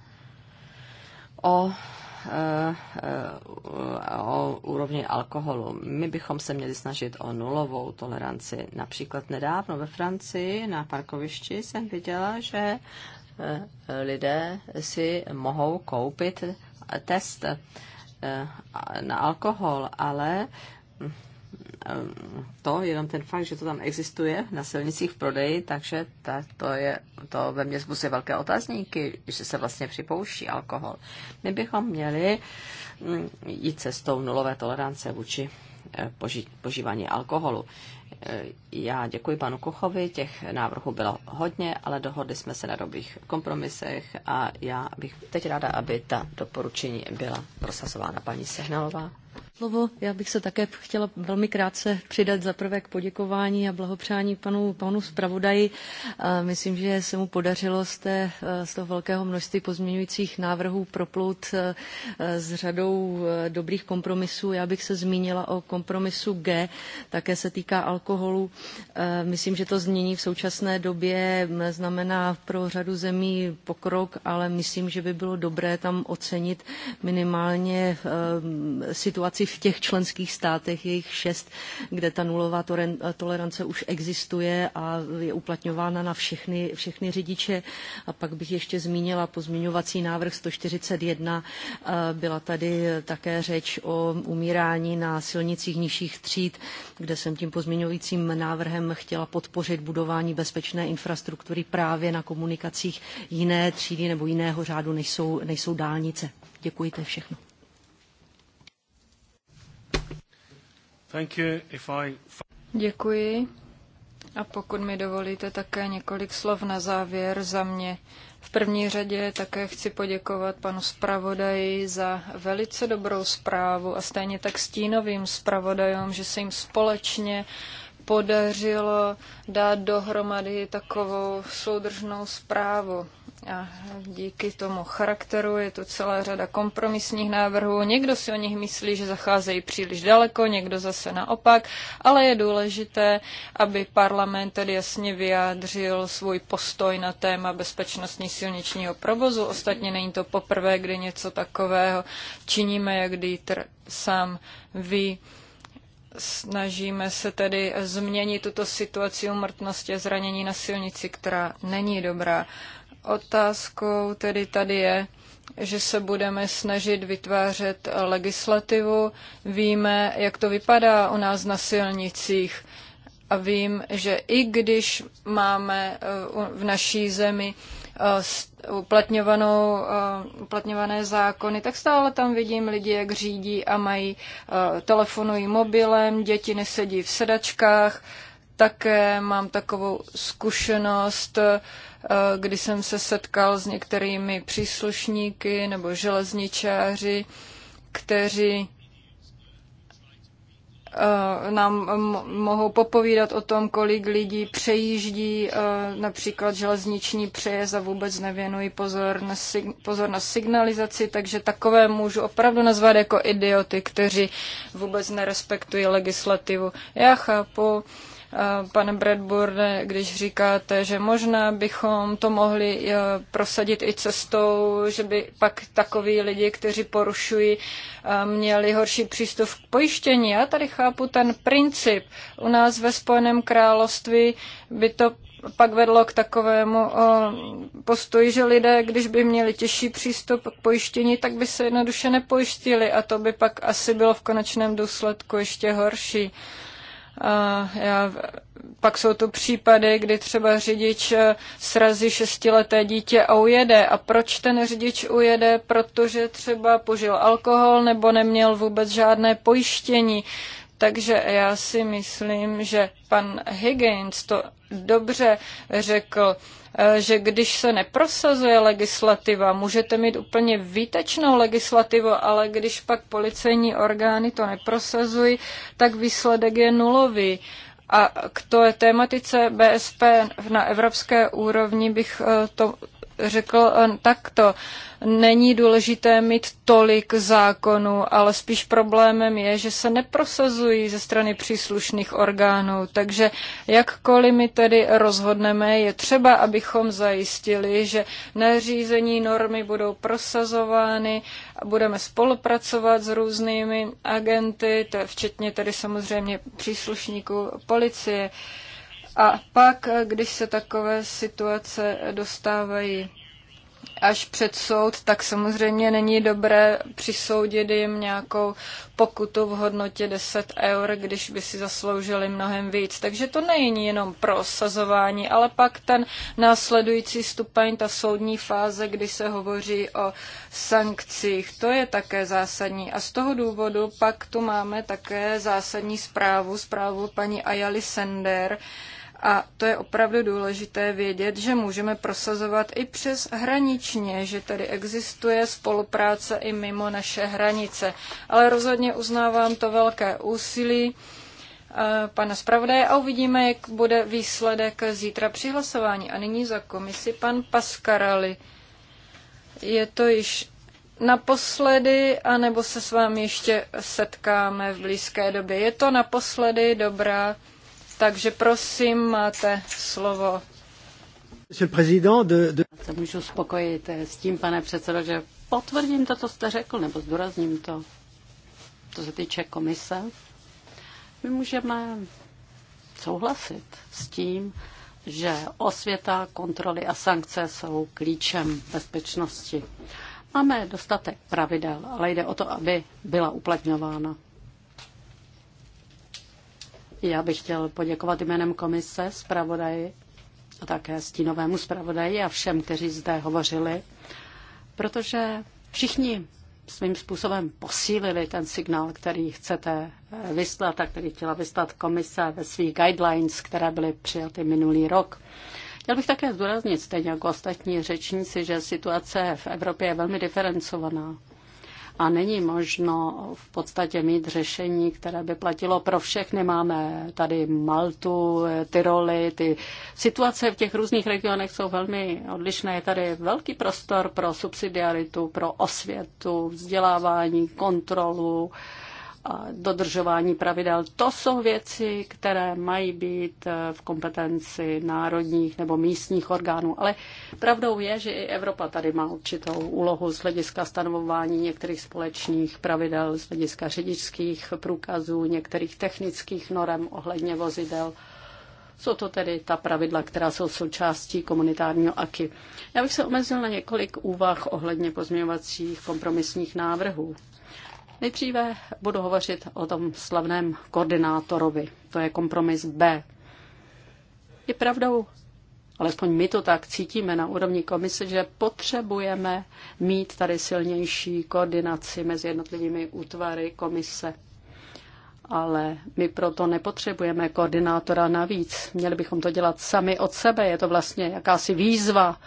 o, eh, eh, o úrovni alkoholu. My bychom se měli snažit o nulovou toleranci. Například nedávno ve Francii na parkovišti jsem viděla, že eh, lidé si mohou koupit test na alkohol, ale Ehm, to, jenom ten fakt, že to tam existuje na silnicích v prodeji, takže ta, to, je, to ve mně zbuzuje velké otazníky, že se vlastně připouští alkohol. My bychom měli mm, jít cestou nulové tolerance vůči eh, poži, požívání alkoholu. Eh, já děkuji panu Kochovi, těch návrhů bylo hodně, ale dohodli jsme se na dobrých kompromisech a já bych teď ráda, aby ta doporučení byla prosazována paní Sehnalová. Slovo. Já bych se také chtěla velmi krátce přidat za prvé k poděkování a blahopřání panu, panu zpravodaji. Myslím, že se mu podařilo z, té, z toho velkého množství pozměňujících návrhů proplout e, s řadou e, dobrých kompromisů. Já bych se zmínila o kompromisu G, také se týká alkoholu. E, myslím, že to změní v současné době znamená pro řadu zemí pokrok, ale myslím, že by bylo dobré tam ocenit minimálně situaci v těch členských státech, jich šest, kde ta nulová tolerance už existuje a je uplatňována na všechny, všechny řidiče. A pak bych ještě zmínila pozměňovací návrh 141. Byla tady také řeč o umírání na silnicích nižších tříd, kde jsem tím pozměňovacím návrhem chtěla podpořit budování bezpečné infrastruktury právě na komunikacích jiné třídy nebo jiného řádu, než jsou, než jsou dálnice. Děkuji, to je všechno. Děkuji. A pokud mi dovolíte také několik slov na závěr za mě. V první řadě také chci poděkovat panu zpravodaji za velice dobrou zprávu a stejně tak stínovým zpravodajům, že se jim společně podařilo dát dohromady takovou soudržnou zprávu. A díky tomu charakteru je tu celá řada kompromisních návrhů. Někdo si o nich myslí, že zacházejí příliš daleko, někdo zase naopak, ale je důležité, aby parlament tedy jasně vyjádřil svůj postoj na téma bezpečnostní silničního provozu. Ostatně není to poprvé, kdy něco takového činíme, jak Dieter sám ví snažíme se tedy změnit tuto situaci umrtnosti a zranění na silnici, která není dobrá. Otázkou tedy tady je, že se budeme snažit vytvářet legislativu. Víme, jak to vypadá u nás na silnicích. A vím, že i když máme eh, v naší zemi eh, uplatňovanou, eh, uplatňované zákony, tak stále tam vidím lidi, jak řídí a mají, telefonují mobilem, děti nesedí v sedačkách. Také mám takovou zkušenost, Eh, kdy jsem se setkal s některými příslušníky nebo železničáři, kteří eh, nám mohou popovídat o tom, kolik lidí přejíždí eh, například železniční přejezd a vůbec nevěnují pozor na, sig- pozor na signalizaci, takže takové můžu opravdu nazvat jako idioty, kteří vůbec nerespektují legislativu. Já chápu, Eh, pane Bradburne, když říkáte, že možná bychom to mohli eh, prosadit i cestou, že by pak takoví lidi, kteří porušují, eh, měli horší přístup k pojištění. Já tady chápu ten princip. U nás ve Spojeném království by to pak vedlo k takovému postoji, že lidé, když by měli těžší přístup k pojištění, tak by se jednoduše nepojištili a to by pak asi bylo v konečném důsledku ještě horší. A já, pak jsou to případy, kdy třeba řidič eh, srazí šestileté dítě a ujede. A proč ten řidič ujede? Protože třeba požil alkohol nebo neměl vůbec žádné pojištění. Takže já si myslím, že pan Higgins to dobře řekl. Uh, Eh, že když se neprosazuje legislativa, můžete mít úplně výtečnou legislativu, ale když pak policejní orgány to neprosazují, tak výsledek je nulový. A k té tématice BSP na evropské úrovni bych eh, to řekl e, takto. Není důležité mít tolik zákonů, ale spíš problémem je, že se neprosazují ze strany příslušných orgánů. Takže jakkoliv my tedy rozhodneme, je třeba, abychom zajistili, že nařízení normy budou prosazovány a budeme spolupracovat s různými agenty, včetně tedy samozřejmě příslušníků policie. Uh, a pak, když se takové situace dostávají až před soud, tak samozřejmě není dobré přisoudit jim nějakou pokutu v hodnotě 10 eur, když by si zasloužili mnohem víc. Takže to není jenom pro osazování, ale pak ten následující stupeň, ta soudní fáze, kdy se hovoří o sankcích, to je také zásadní. A z toho důvodu pak tu máme také zásadní zprávu, zprávu paní Ayali Sender, a to je opravdu důležité vědět, že můžeme prosazovat i přes hraničně, že tady existuje spolupráce i mimo naše hranice. Ale rozhodně uznávám to velké úsilí eh, pana zpravodaje a uvidíme, jak bude výsledek zítra při hlasování. A nyní za komisi pan Paskarali. Je to již naposledy, anebo se s vámi ještě setkáme v blízké době. Je to naposledy, dobrá. Takže prosím, máte slovo. De, de... Se můžu spokojit s tím, pane předsedo, že potvrdím to, co jste řekl, nebo zdůrazním to, co se týče komise. My můžeme souhlasit s tím, že osvěta, kontroly a sankce jsou klíčem bezpečnosti. Máme dostatek pravidel, ale jde o to, aby byla uplatňována. Já bych chtěl poděkovat jménem komise, zpravodaji a také stínovému zpravodaji a všem, kteří zde hovořili, protože všichni svým způsobem posílili ten signál, který chcete eh, vyslat a který chtěla vyslat komise ve svých guidelines, které byly přijaty minulý rok. Chtěl bych také zdůraznit, stejně jako ostatní řečníci, že situace v Evropě je velmi diferencovaná a není možno v podstatě mít řešení, které by platilo pro všechny. Máme tady Maltu, Tyroly, ty situace v těch různých regionech jsou velmi odlišné. Je tady velký prostor pro subsidiaritu, pro osvětu, vzdělávání, kontrolu, a dodržování pravidel. To jsou věci, které mají být eh, v kompetenci národních nebo místních orgánů. Ale pravdou je, že i Evropa tady má určitou úlohu z hlediska stanovování některých společných pravidel, z hlediska řidičských průkazů, některých technických norem ohledně vozidel. Jsou to tedy ta pravidla, která jsou součástí komunitárního AKI. Já bych se omezil na několik úvah ohledně pozměňovacích kompromisních návrhů. Nejdříve budu hovořit o tom slavném koordinátorovi. To je kompromis B. Je pravdou, alespoň my to tak cítíme na úrovni komise, že potřebujeme mít tady silnější koordinaci mezi jednotlivými útvary komise. Ale my proto nepotřebujeme koordinátora navíc. Měli bychom to dělat sami od sebe. Je to vlastně jakási výzva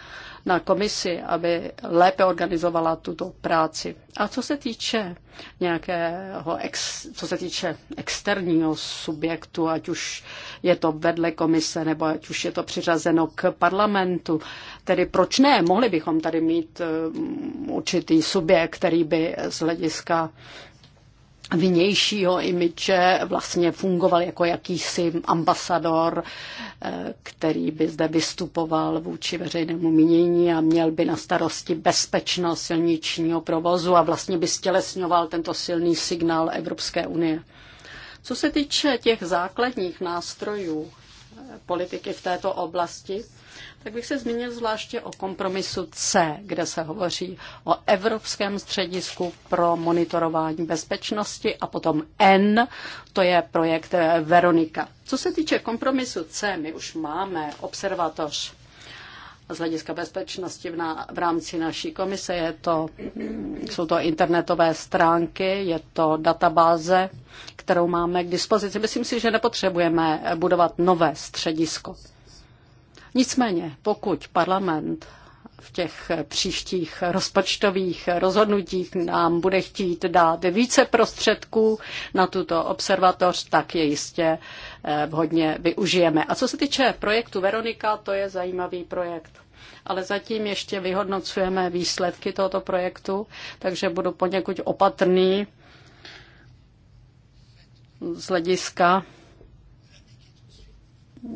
na komisi, aby lépe organizovala tuto práci. A co se týče nějakého, ex, co se týče externího subjektu, ať už je to vedle komise, nebo ať už je to přiřazeno k parlamentu, tedy proč ne? Mohli bychom tady mít eh, určitý subjekt, který by z hlediska vnějšího imiče vlastně fungoval jako jakýsi ambasador, eh, který by zde vystupoval vůči veřejnému mínění a měl by na starosti bezpečnost silničního provozu a vlastně by stělesňoval tento silný signál Evropské unie. Co se týče těch základních nástrojů eh, politiky v této oblasti, tak bych se zmínil zvláště o kompromisu C, kde se hovoří o Evropském středisku pro monitorování bezpečnosti a potom N, to je projekt eh, Veronika. Co se týče kompromisu C, my už máme observatoř z hlediska bezpečnosti v, na, v rámci naší komise. Je to, jsou to internetové stránky, je to databáze, kterou máme k dispozici. Myslím si, že nepotřebujeme budovat nové středisko. Nicméně, pokud parlament v těch příštích rozpočtových rozhodnutích nám bude chtít dát více prostředků na tuto observatoř, tak je jistě eh, vhodně využijeme. A co se týče projektu Veronika, to je zajímavý projekt. Ale zatím ještě vyhodnocujeme výsledky tohoto projektu, takže budu poněkud opatrný z hlediska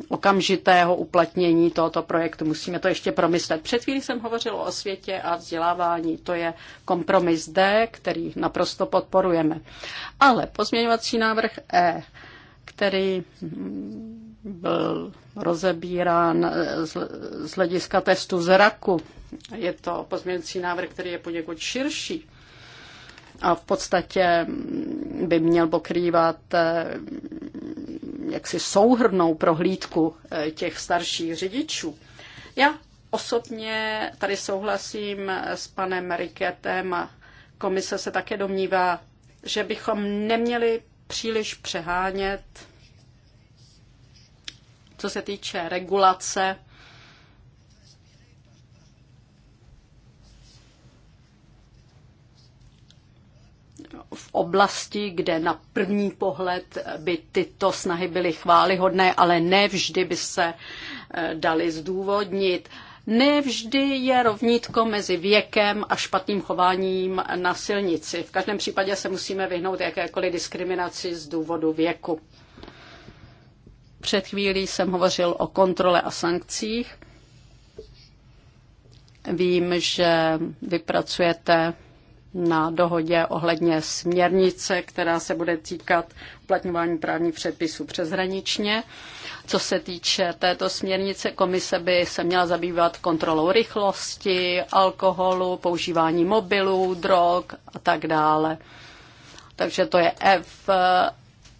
okamžitého uplatnění tohoto projektu. Musíme to ještě promyslet. Před chvílí jsem hovořil o světě a vzdělávání. To je kompromis D, který naprosto podporujeme. Ale pozměňovací návrh E, který byl rozebírán z hlediska testu zraku. Je to pozměňovací návrh, který je poněkud širší a v podstatě by měl pokrývat eh, jaksi souhrnou prohlídku eh, těch starších řidičů. Já osobně tady souhlasím eh, s panem Riketem a komise se také domnívá, že bychom neměli příliš přehánět, co se týče regulace v oblasti, kde na první pohled by tyto snahy byly chválihodné, ale nevždy by se eh, dali zdůvodnit. Nevždy je rovnítko mezi věkem a špatným chováním na silnici. V každém případě se musíme vyhnout jakékoliv diskriminaci z důvodu věku. Před chvílí jsem hovořil o kontrole a sankcích. Vím, že vypracujete na dohodě ohledně směrnice, která se bude týkat uplatňování právních předpisů přeshraničně. Co se týče této směrnice, komise by se měla zabývat kontrolou rychlosti, alkoholu, používání mobilů, drog a tak dále. Takže to je F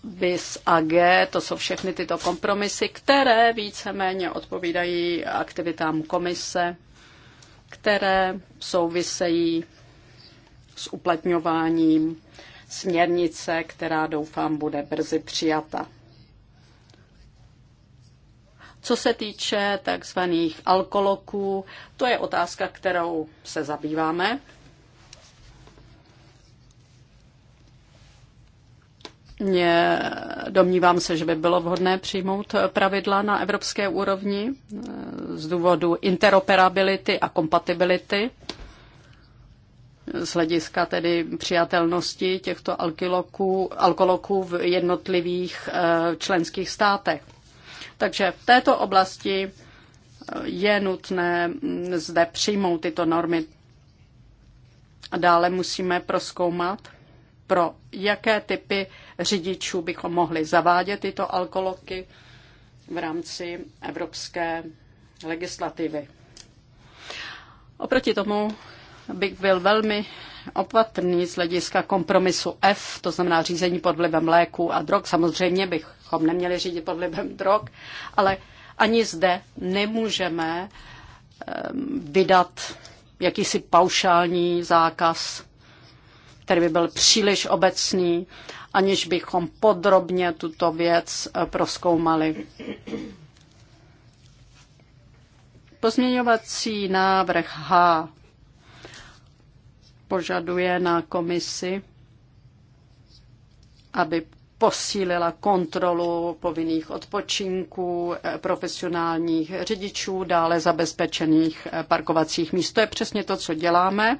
BIS a G, to jsou všechny tyto kompromisy, které víceméně odpovídají aktivitám komise, které souvisejí s uplatňováním směrnice, která doufám bude brzy přijata. Co se týče tzv. alkoloků, to je otázka, kterou se zabýváme. Mě domnívám se, že by bylo vhodné přijmout pravidla na evropské úrovni eh, z důvodu interoperability a kompatibility z hlediska tedy přijatelnosti těchto alkyloků, alkoloků v jednotlivých eh, členských státech. Takže v této oblasti eh, je nutné mm, zde přijmout tyto normy. A dále musíme proskoumat, pro jaké typy řidičů bychom mohli zavádět tyto alkoloky v rámci evropské legislativy. Oproti tomu bych byl velmi opatrný z hlediska kompromisu F, to znamená řízení pod vlivem léku a drog. Samozřejmě bychom neměli řídit pod vlivem drog, ale ani zde nemůžeme ehm, vydat jakýsi paušální zákaz, který by byl příliš obecný, aniž bychom podrobně tuto věc eh, proskoumali. Pozměňovací návrh H požaduje na komisi, aby posílila kontrolu povinných odpočinků eh, profesionálních řidičů, dále zabezpečených eh, parkovacích míst. To je přesně to, co děláme.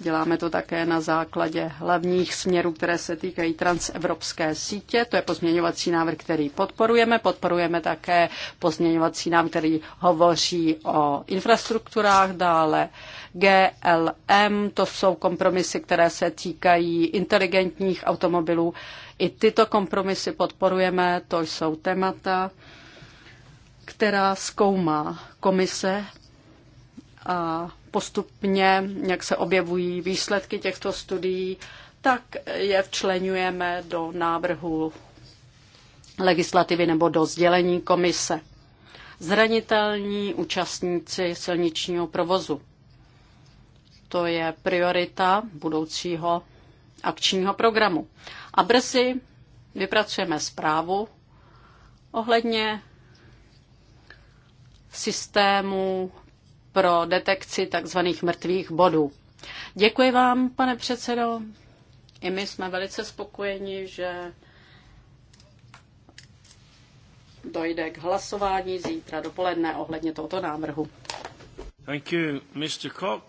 Děláme to také na základě hlavních směrů, které se týkají transevropské sítě. To je pozměňovací návrh, který podporujeme. Podporujeme také pozměňovací návrh, který hovoří o infrastrukturách, dále GLM, to jsou kompromisy, které se týkají inteligentních automobilů. I tyto kompromisy podporujeme, to jsou témata, která zkoumá komise a postupně, jak se objevují výsledky těchto studií, tak je včlenujeme do návrhu legislativy nebo do sdělení komise. Zranitelní účastníci silničního provozu. To je priorita budoucího akčního programu. A brzy vypracujeme zprávu ohledně systému pro detekci tzv. mrtvých bodů. Děkuji vám, pane předsedo. I my jsme velice spokojeni, že dojde k hlasování zítra dopoledne ohledně tohoto návrhu. Thank you, Mr. Koch.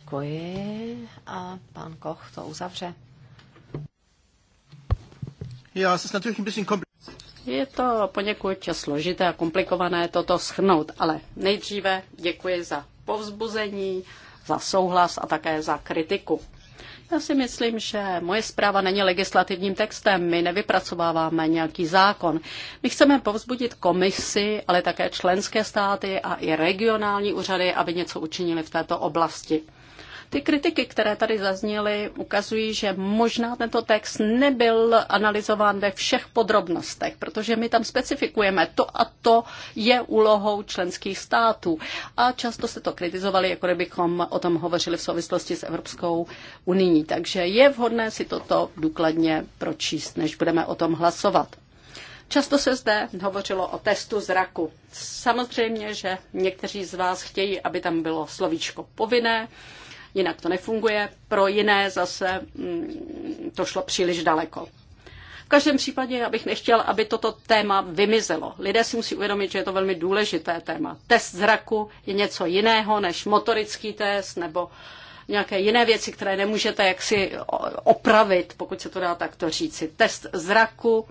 Děkuji a pan Koch to uzavře. Já se ist natürlich je to poněkud složité a komplikované toto schrnout, ale nejdříve děkuji za povzbuzení, za souhlas a také za kritiku. Já si myslím, že moje zpráva není legislativním textem, my nevypracováváme nějaký zákon. My chceme povzbudit komisi, ale také členské státy a i regionální úřady, aby něco učinili v této oblasti. Ty kritiky, které tady zazněly, ukazují, že možná tento text nebyl analyzován ve všech podrobnostech, protože my tam specifikujeme to a to je úlohou členských států. A často se to kritizovali, jako kdybychom o tom hovořili v souvislosti s Evropskou unii. Takže je vhodné si toto důkladně pročíst, než budeme o tom hlasovat. Často se zde hovořilo o testu zraku. Samozřejmě, že někteří z vás chtějí, aby tam bylo slovíčko povinné jinak to nefunguje, pro jiné zase mm, to šlo příliš daleko. V každém případě já bych nechtěl, aby toto téma vymizelo. Lidé si musí uvědomit, že je to velmi důležité téma. Test zraku je něco jiného než motorický test nebo nějaké jiné věci, které nemůžete jaksi opravit, pokud se to dá takto říci. Test zraku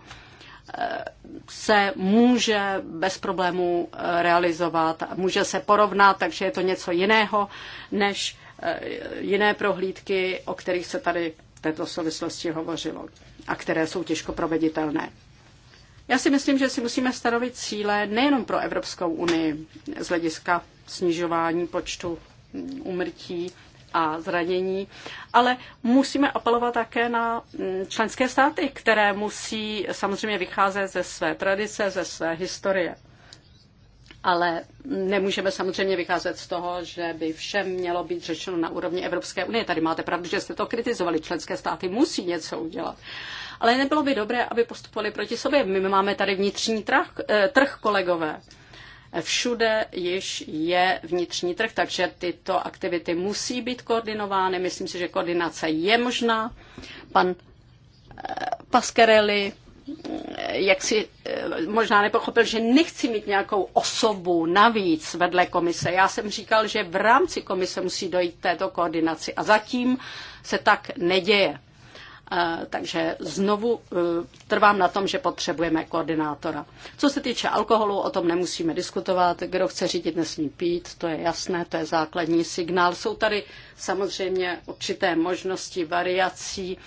eh, se může bez problémů eh, realizovat, může se porovnat, takže je to něco jiného než Eh, jiné prohlídky, o kterých se tady v této souvislosti hovořilo a které jsou těžko proveditelné. Já si myslím, že si musíme stanovit cíle nejenom pro Evropskou unii z hlediska snižování počtu umrtí a zranění, ale musíme apelovat také na mm, členské státy, které musí samozřejmě vycházet ze své tradice, ze své historie ale nemůžeme samozřejmě vycházet z toho, že by všem mělo být řešeno na úrovni Evropské unie. Tady máte pravdu, že jste to kritizovali. Členské státy musí něco udělat. Ale nebylo by dobré, aby postupovali proti sobě. My máme tady vnitřní trh, eh, trh kolegové. Všude již je vnitřní trh, takže tyto aktivity musí být koordinovány. Myslím si, že koordinace je možná. Pan eh, Pascarelli jak si eh, možná nepochopil, že nechci mít nějakou osobu navíc vedle komise. Já jsem říkal, že v rámci komise musí dojít této koordinaci a zatím se tak neděje. Eh, takže znovu eh, trvám na tom, že potřebujeme koordinátora. Co se týče alkoholu, o tom nemusíme diskutovat. Kdo chce řídit, nesmí pít, to je jasné, to je základní signál. Jsou tady samozřejmě určité možnosti variací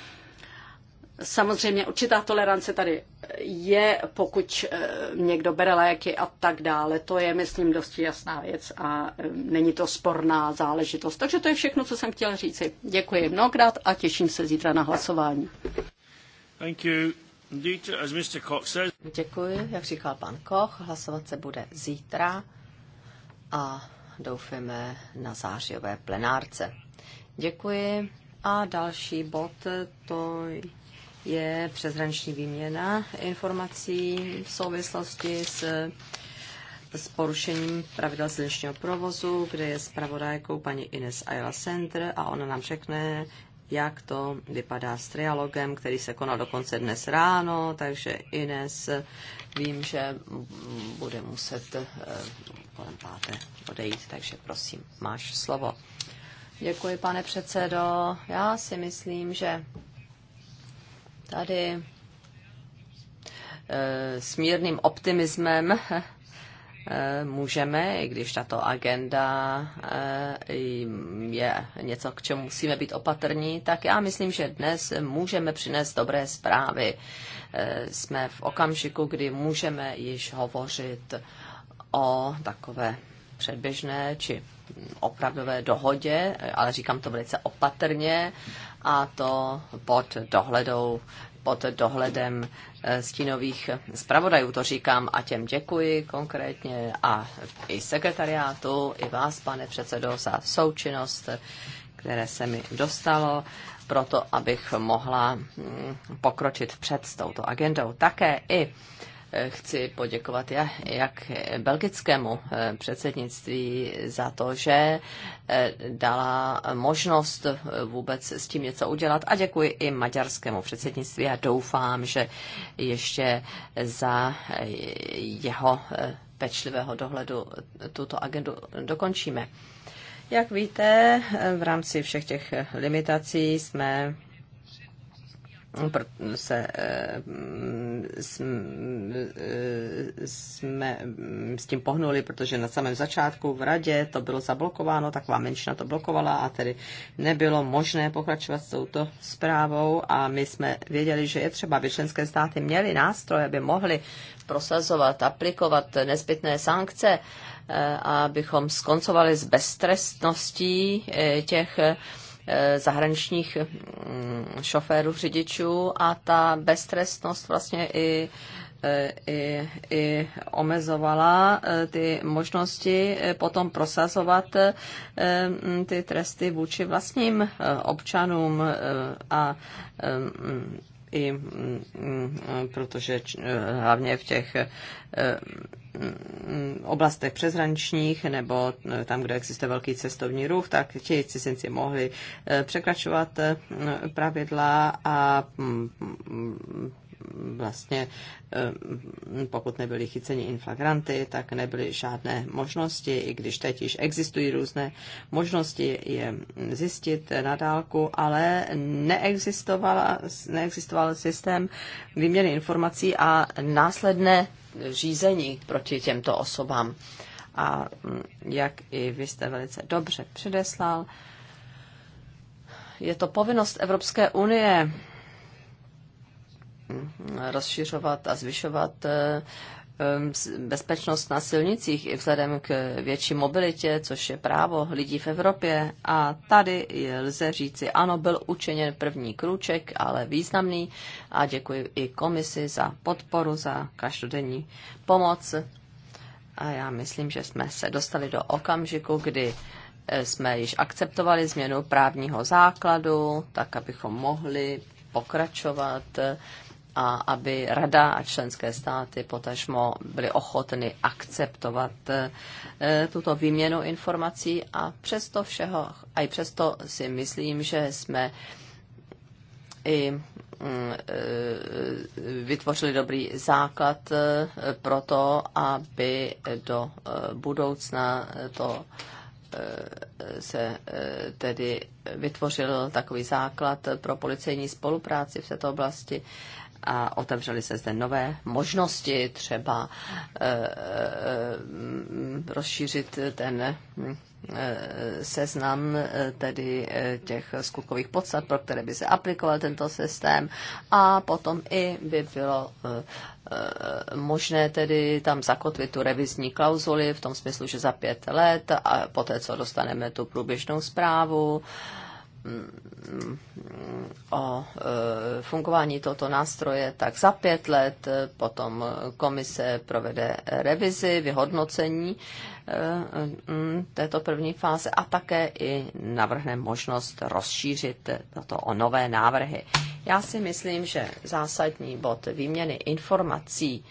Samozřejmě určitá tolerance tady je, pokud eh, někdo bere léky a tak dále. To je, myslím, dost jasná věc a eh, není to sporná záležitost. Takže to je všechno, co jsem chtěla říci. Děkuji mnohokrát a těším se zítra na hlasování. Thank you. Děkuji, jak říkal pan Koch, hlasovat se bude zítra a doufáme na zářijové plenárce. Děkuji a další bod to je přezranční výměna informací v souvislosti s, s porušením pravidel silničního provozu, kde je zpravodajkou paní Ines Ayla Center a ona nám řekne, jak to vypadá s trialogem, který se konal dokonce dnes ráno, takže Ines vím, že bude muset eh, kolem páté odejít, takže prosím, máš slovo. Děkuji, pane předsedo. Já si myslím, že tady eh, s mírným optimismem eh, můžeme, i když tato agenda eh, je něco, k čemu musíme být opatrní, tak já myslím, že dnes můžeme přinést dobré zprávy. Jsme v okamžiku, kdy můžeme již hovořit o takové předběžné či opravdové dohodě, ale říkám to velice opatrně, a to pod dohledou pod dohledem eh, stínových zpravodajů. To říkám a těm děkuji konkrétně a i sekretariátu, i vás, pane předsedo, za součinnost, které se mi dostalo, proto abych mohla mm, pokročit před s touto agendou. Také i chci poděkovat jak belgickému eh, předsednictví za to, že eh, dala možnost eh, vůbec s tím něco udělat a děkuji i maďarskému předsednictví a doufám, že ještě za jeho pečlivého dohledu tuto agendu dokončíme. Jak víte, v rámci všech těch limitací jsme se, eh, eh, jsme mm, s tím pohnuli, protože na samém začátku v radě to bylo zablokováno, taková menšina to blokovala a tedy nebylo možné pokračovat s touto zprávou a my jsme věděli, že je třeba, aby členské státy měly nástroje, aby mohly prosazovat, aplikovat nezbytné sankce, eh, abychom skoncovali s beztrestností těch Eh, zahraničních mm, šoférů, řidičů a ta beztrestnost vlastně i eh, i, i omezovala eh, ty možnosti potom prosazovat mm, ty tresty vůči vlastním občanům a mm, i mm, mm, protože eh, hlavně v těch eh, mm, oblastech přeshraničních nebo eh, tam, kde existuje velký cestovní ruch, tak ti cizinci mohli překračovat pravidla a vlastně eh, pokud nebyli chyceni inflagranty, tak nebyly žádné možnosti, i když teď již existují různé možnosti je zjistit na dálku, ale neexistoval, neexistoval systém výměny informací a následné řízení proti těmto osobám. A hm, jak i vy jste velice dobře předeslal, je to povinnost Evropské unie rozšiřovat a zvyšovat eh, bezpečnost na silnicích i vzhledem k větší mobilitě, což je právo lidí v Evropě. A tady lze říci, ano, byl učiněn první krůček, ale významný. A děkuji i komisi za podporu, za každodenní pomoc. A já myslím, že jsme se dostali do okamžiku, kdy eh, jsme již akceptovali změnu právního základu, tak abychom mohli pokračovat eh, a aby rada a členské státy potažmo byly ochotny akceptovat eh, tuto výměnu informací a přesto všeho, a i přesto si myslím, že jsme i mm, eh, vytvořili dobrý základ eh, pro to, aby do budoucna to se tedy vytvořil takový základ pro policejní spolupráci v této oblasti a otevřely se zde nové možnosti, třeba eh, eh, rozšířit ten eh, seznam tedy těch skutkových podstat, pro které by se aplikoval tento systém a potom i by bylo možné tedy tam zakotvit tu revizní klauzuli v tom smyslu, že za pět let a poté, co dostaneme tu průběžnou zprávu, Mm, o e, fungování tohoto nástroje, tak za pět let e, potom komise provede revizi, vyhodnocení e, mm, této první fáze a také i navrhne možnost rozšířit toto o nové návrhy. Já si myslím, že zásadní bod výměny informací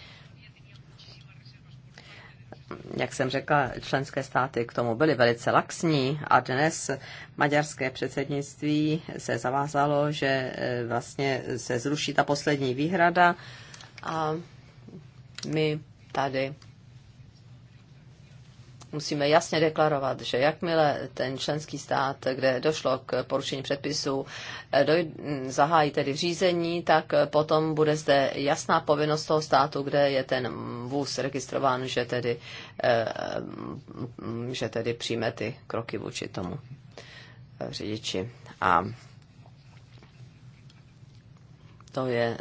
jak jsem řekla, členské státy k tomu byly velice laxní a dnes maďarské předsednictví se zavázalo, že eh, vlastně se zruší ta poslední výhrada a my tady musíme jasně deklarovat, že jakmile ten členský stát, kde došlo k porušení předpisů, eh, doj- zahájí tedy řízení, tak potom bude zde jasná povinnost toho státu, kde je ten vůz registrován, že tedy, eh, že tedy přijme ty kroky vůči tomu eh, řidiči. A to je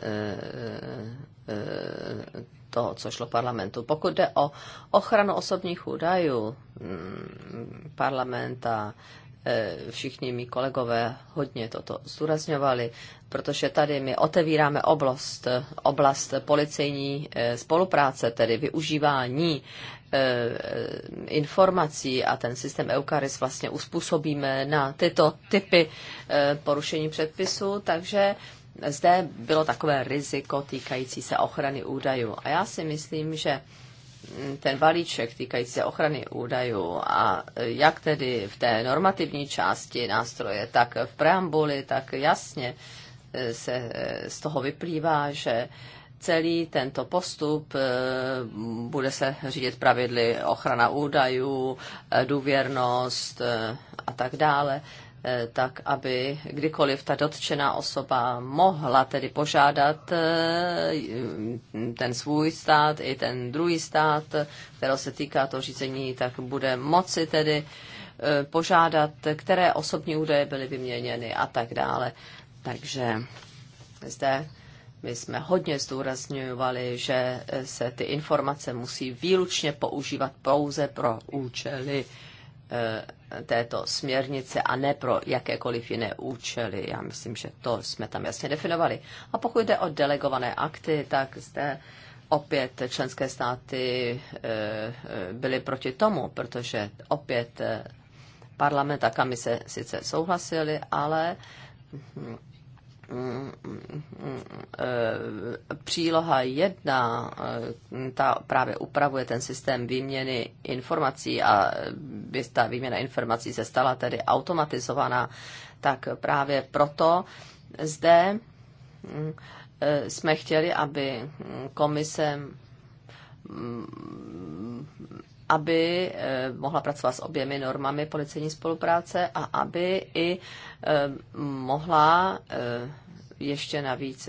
toho, co šlo parlamentu. Pokud jde o ochranu osobních údajů mm, parlamenta, e, všichni mý kolegové hodně toto zdůrazňovali, protože tady my otevíráme oblast, oblast policejní e, spolupráce, tedy využívání e, informací a ten systém Eukaris vlastně uspůsobíme na tyto typy porušení předpisů, takže zde bylo takové riziko týkající se ochrany údajů. A já si myslím, že ten valíček týkající se ochrany údajů a jak tedy v té normativní části nástroje, tak v preambuli, tak jasně e, se e, z toho vyplývá, že celý tento postup e, bude se řídit pravidly ochrana údajů, důvěrnost a tak dále. Eh, tak aby kdykoliv ta dotčená osoba mohla tedy požádat eh, ten svůj stát i ten druhý stát, kterého se týká to řízení, tak bude moci tedy eh, požádat, které osobní údaje byly vyměněny a tak dále. Takže zde my jsme hodně zdůrazňovali, že se ty informace musí výlučně používat pouze pro účely této směrnice a ne pro jakékoliv jiné účely. Já myslím, že to jsme tam jasně definovali. A pokud jde o delegované akty, tak zde opět členské státy eh, eh, byly proti tomu, protože opět eh, parlament a kamise sice souhlasili, ale hm, příloha jedna, eh, ta právě upravuje ten systém výměny informací a by eh, ta výměna informací se stala tedy automatizovaná, tak právě proto zde hm, eh, jsme chtěli, aby komise hm, aby eh, mohla pracovat s oběmi normami policejní spolupráce a aby i eh, mohla eh, ještě navíc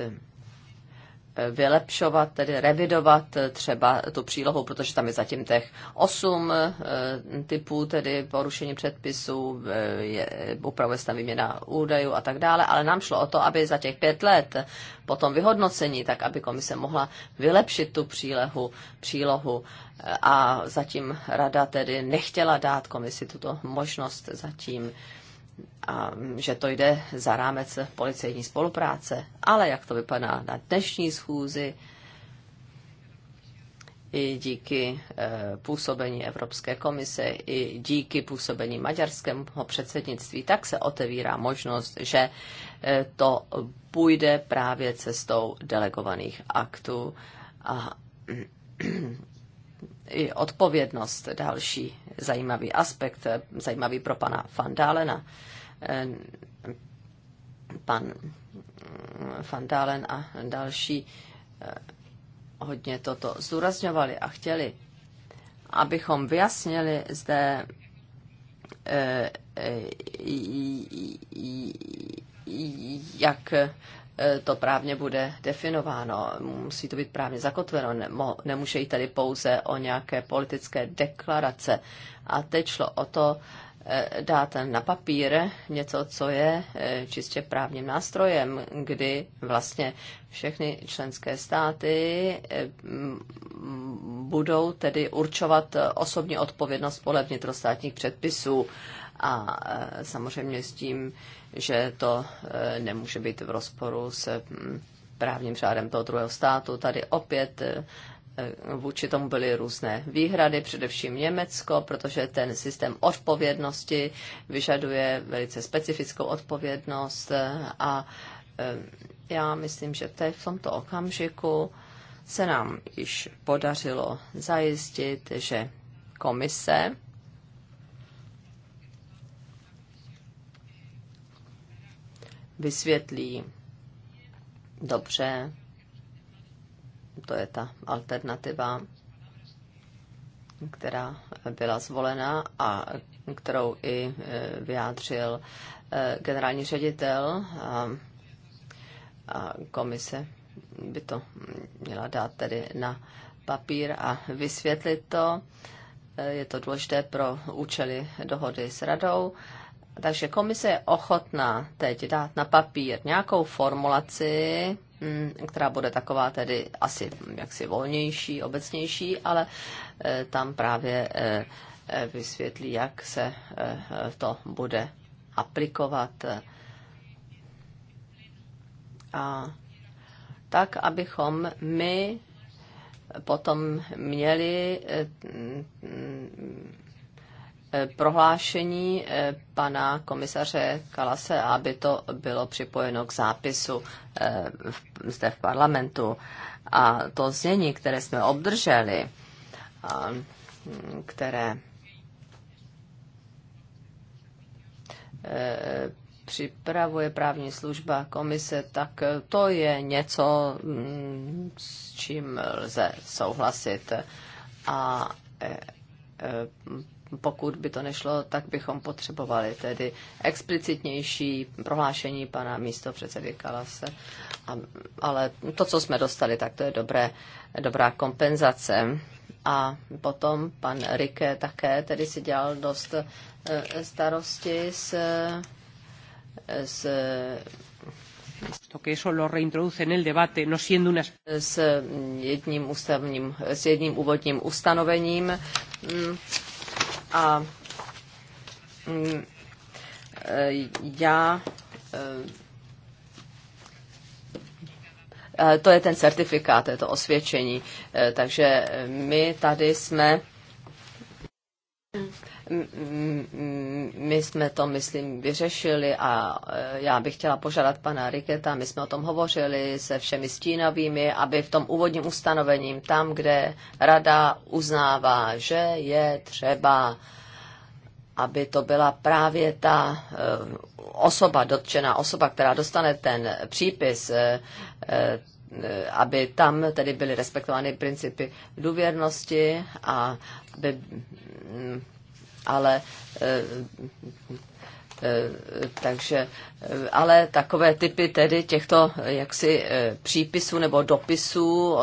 vylepšovat, tedy revidovat třeba tu přílohu, protože tam je zatím těch osm eh, typů, tedy porušení předpisů, eh, je, upravuje se tam výměna údajů a tak dále, ale nám šlo o to, aby za těch pět let po tom vyhodnocení, tak aby komise mohla vylepšit tu přílehu, přílohu eh, a zatím rada tedy nechtěla dát komisi tuto možnost zatím a že to jde za rámec policejní spolupráce. Ale jak to vypadá na dnešní schůzi, i díky e, působení Evropské komise, i díky působení maďarského předsednictví, tak se otevírá možnost, že e, to půjde právě cestou delegovaných aktů a i odpovědnost, další zajímavý aspekt, zajímavý pro pana Fandálena. Eh, pan Fandálen mm, a další eh, hodně toto zdůrazňovali a chtěli, abychom vyjasnili zde eh, jak Eh, to právně bude definováno. Musí to být právně zakotveno, Nemo, nemůže jít tady pouze o nějaké politické deklarace. A teď šlo o to eh, dát na papír něco, co je eh, čistě právním nástrojem, kdy vlastně všechny členské státy budou tedy určovat osobní odpovědnost podle vnitrostátních předpisů a e, samozřejmě s tím, že to e, nemůže být v rozporu s právním řádem toho druhého státu. Tady opět e, vůči tomu byly různé výhrady, především Německo, protože ten systém odpovědnosti vyžaduje velice specifickou odpovědnost a já myslím, že teď v tomto okamžiku se nám již podařilo zajistit, že komise vysvětlí dobře, to je ta alternativa, která byla zvolena a kterou i e, vyjádřil e, generální ředitel a, a komise by to měla dát tedy na papír a vysvětlit to. E, je to důležité pro účely dohody s radou takže komise je ochotná teď dát na papír nějakou formulaci, mm, která bude taková tedy asi jaksi volnější, obecnější, ale e, tam právě e, e, vysvětlí, jak se to bude aplikovat. A tak, abychom my potom měli Eh, prohlášení eh, pana komisaře Kalase, aby to bylo připojeno k zápisu eh, zde v parlamentu. A to znění, které jsme obdrželi, mm, které připravuje právní služba komise, tak to je něco, mm, s čím lze souhlasit. A pokud by to nešlo, tak bychom potřebovali tedy explicitnější prohlášení pana místo předsedy Kalase. A, ale to, co jsme dostali, tak to je dobré, dobrá kompenzace. A potom pan Rike také tedy si dělal dost eh, starosti s, eh, s que eso lo reintroduce en el debate, no siendo una... S jedním, ústavním, s jedním úvodním ustanovením mm. A mm, e, já e, e, to je ten certifikát, to je to osvědčení. Takže my tady jsme my jsme to, myslím, vyřešili a e, já bych chtěla požádat pana Riketa, my jsme o tom hovořili se všemi stínovými, aby v tom úvodním ustanovením, tam, kde rada uznává, že je třeba aby to byla právě ta e, osoba, dotčená osoba, která dostane ten přípis, e, aby tam tedy byly respektovány principy důvěrnosti a aby ale e, e, takže, ale takové typy tedy těchto jaksi e, přípisů nebo dopisů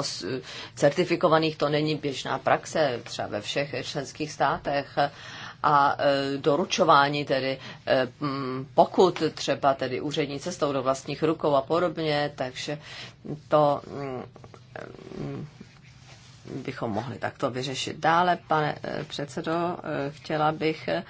certifikovaných, to není běžná praxe třeba ve všech členských státech a doručování tedy pokud třeba tedy úřední cestou do vlastních rukou a podobně, takže to bychom mohli takto vyřešit. Dále, pane eh, předsedo, eh, chtěla bych eh,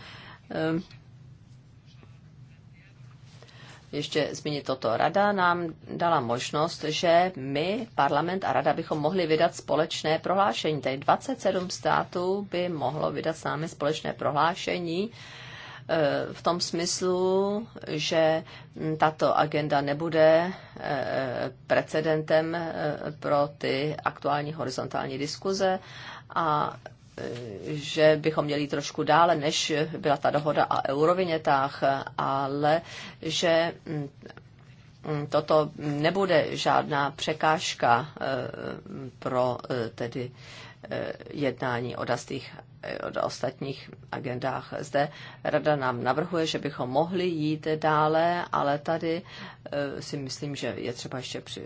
ještě zmínit toto. Rada nám dala možnost, že my, parlament a rada, bychom mohli vydat společné prohlášení. Tady 27 států by mohlo vydat s námi společné prohlášení v tom smyslu, že tato agenda nebude e, precedentem e, pro ty aktuální horizontální diskuze a e, že bychom měli trošku dále, než byla ta dohoda o eurovinětách, ale že mm, toto nebude žádná překážka pro tedy Eh, jednání o, dastých, eh, o ostatních agendách. Zde rada nám navrhuje, že bychom mohli jít dále, ale tady eh, si myslím, že je třeba ještě při...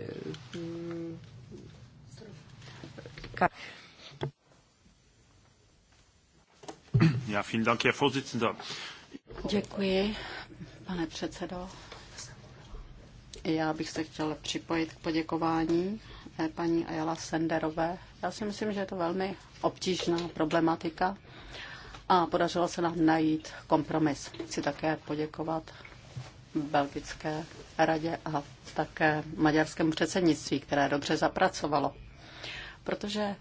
Ja, vielen Dank, Herr Vorsitzender. Děkuji, pane předsedo. Já bych se chtěl připojit k poděkování paní Ayala Senderové. Já si myslím, že je to velmi obtížná problematika a podařilo se nám najít kompromis. Chci také poděkovat belgické radě a také maďarskému předsednictví, které dobře zapracovalo. Protože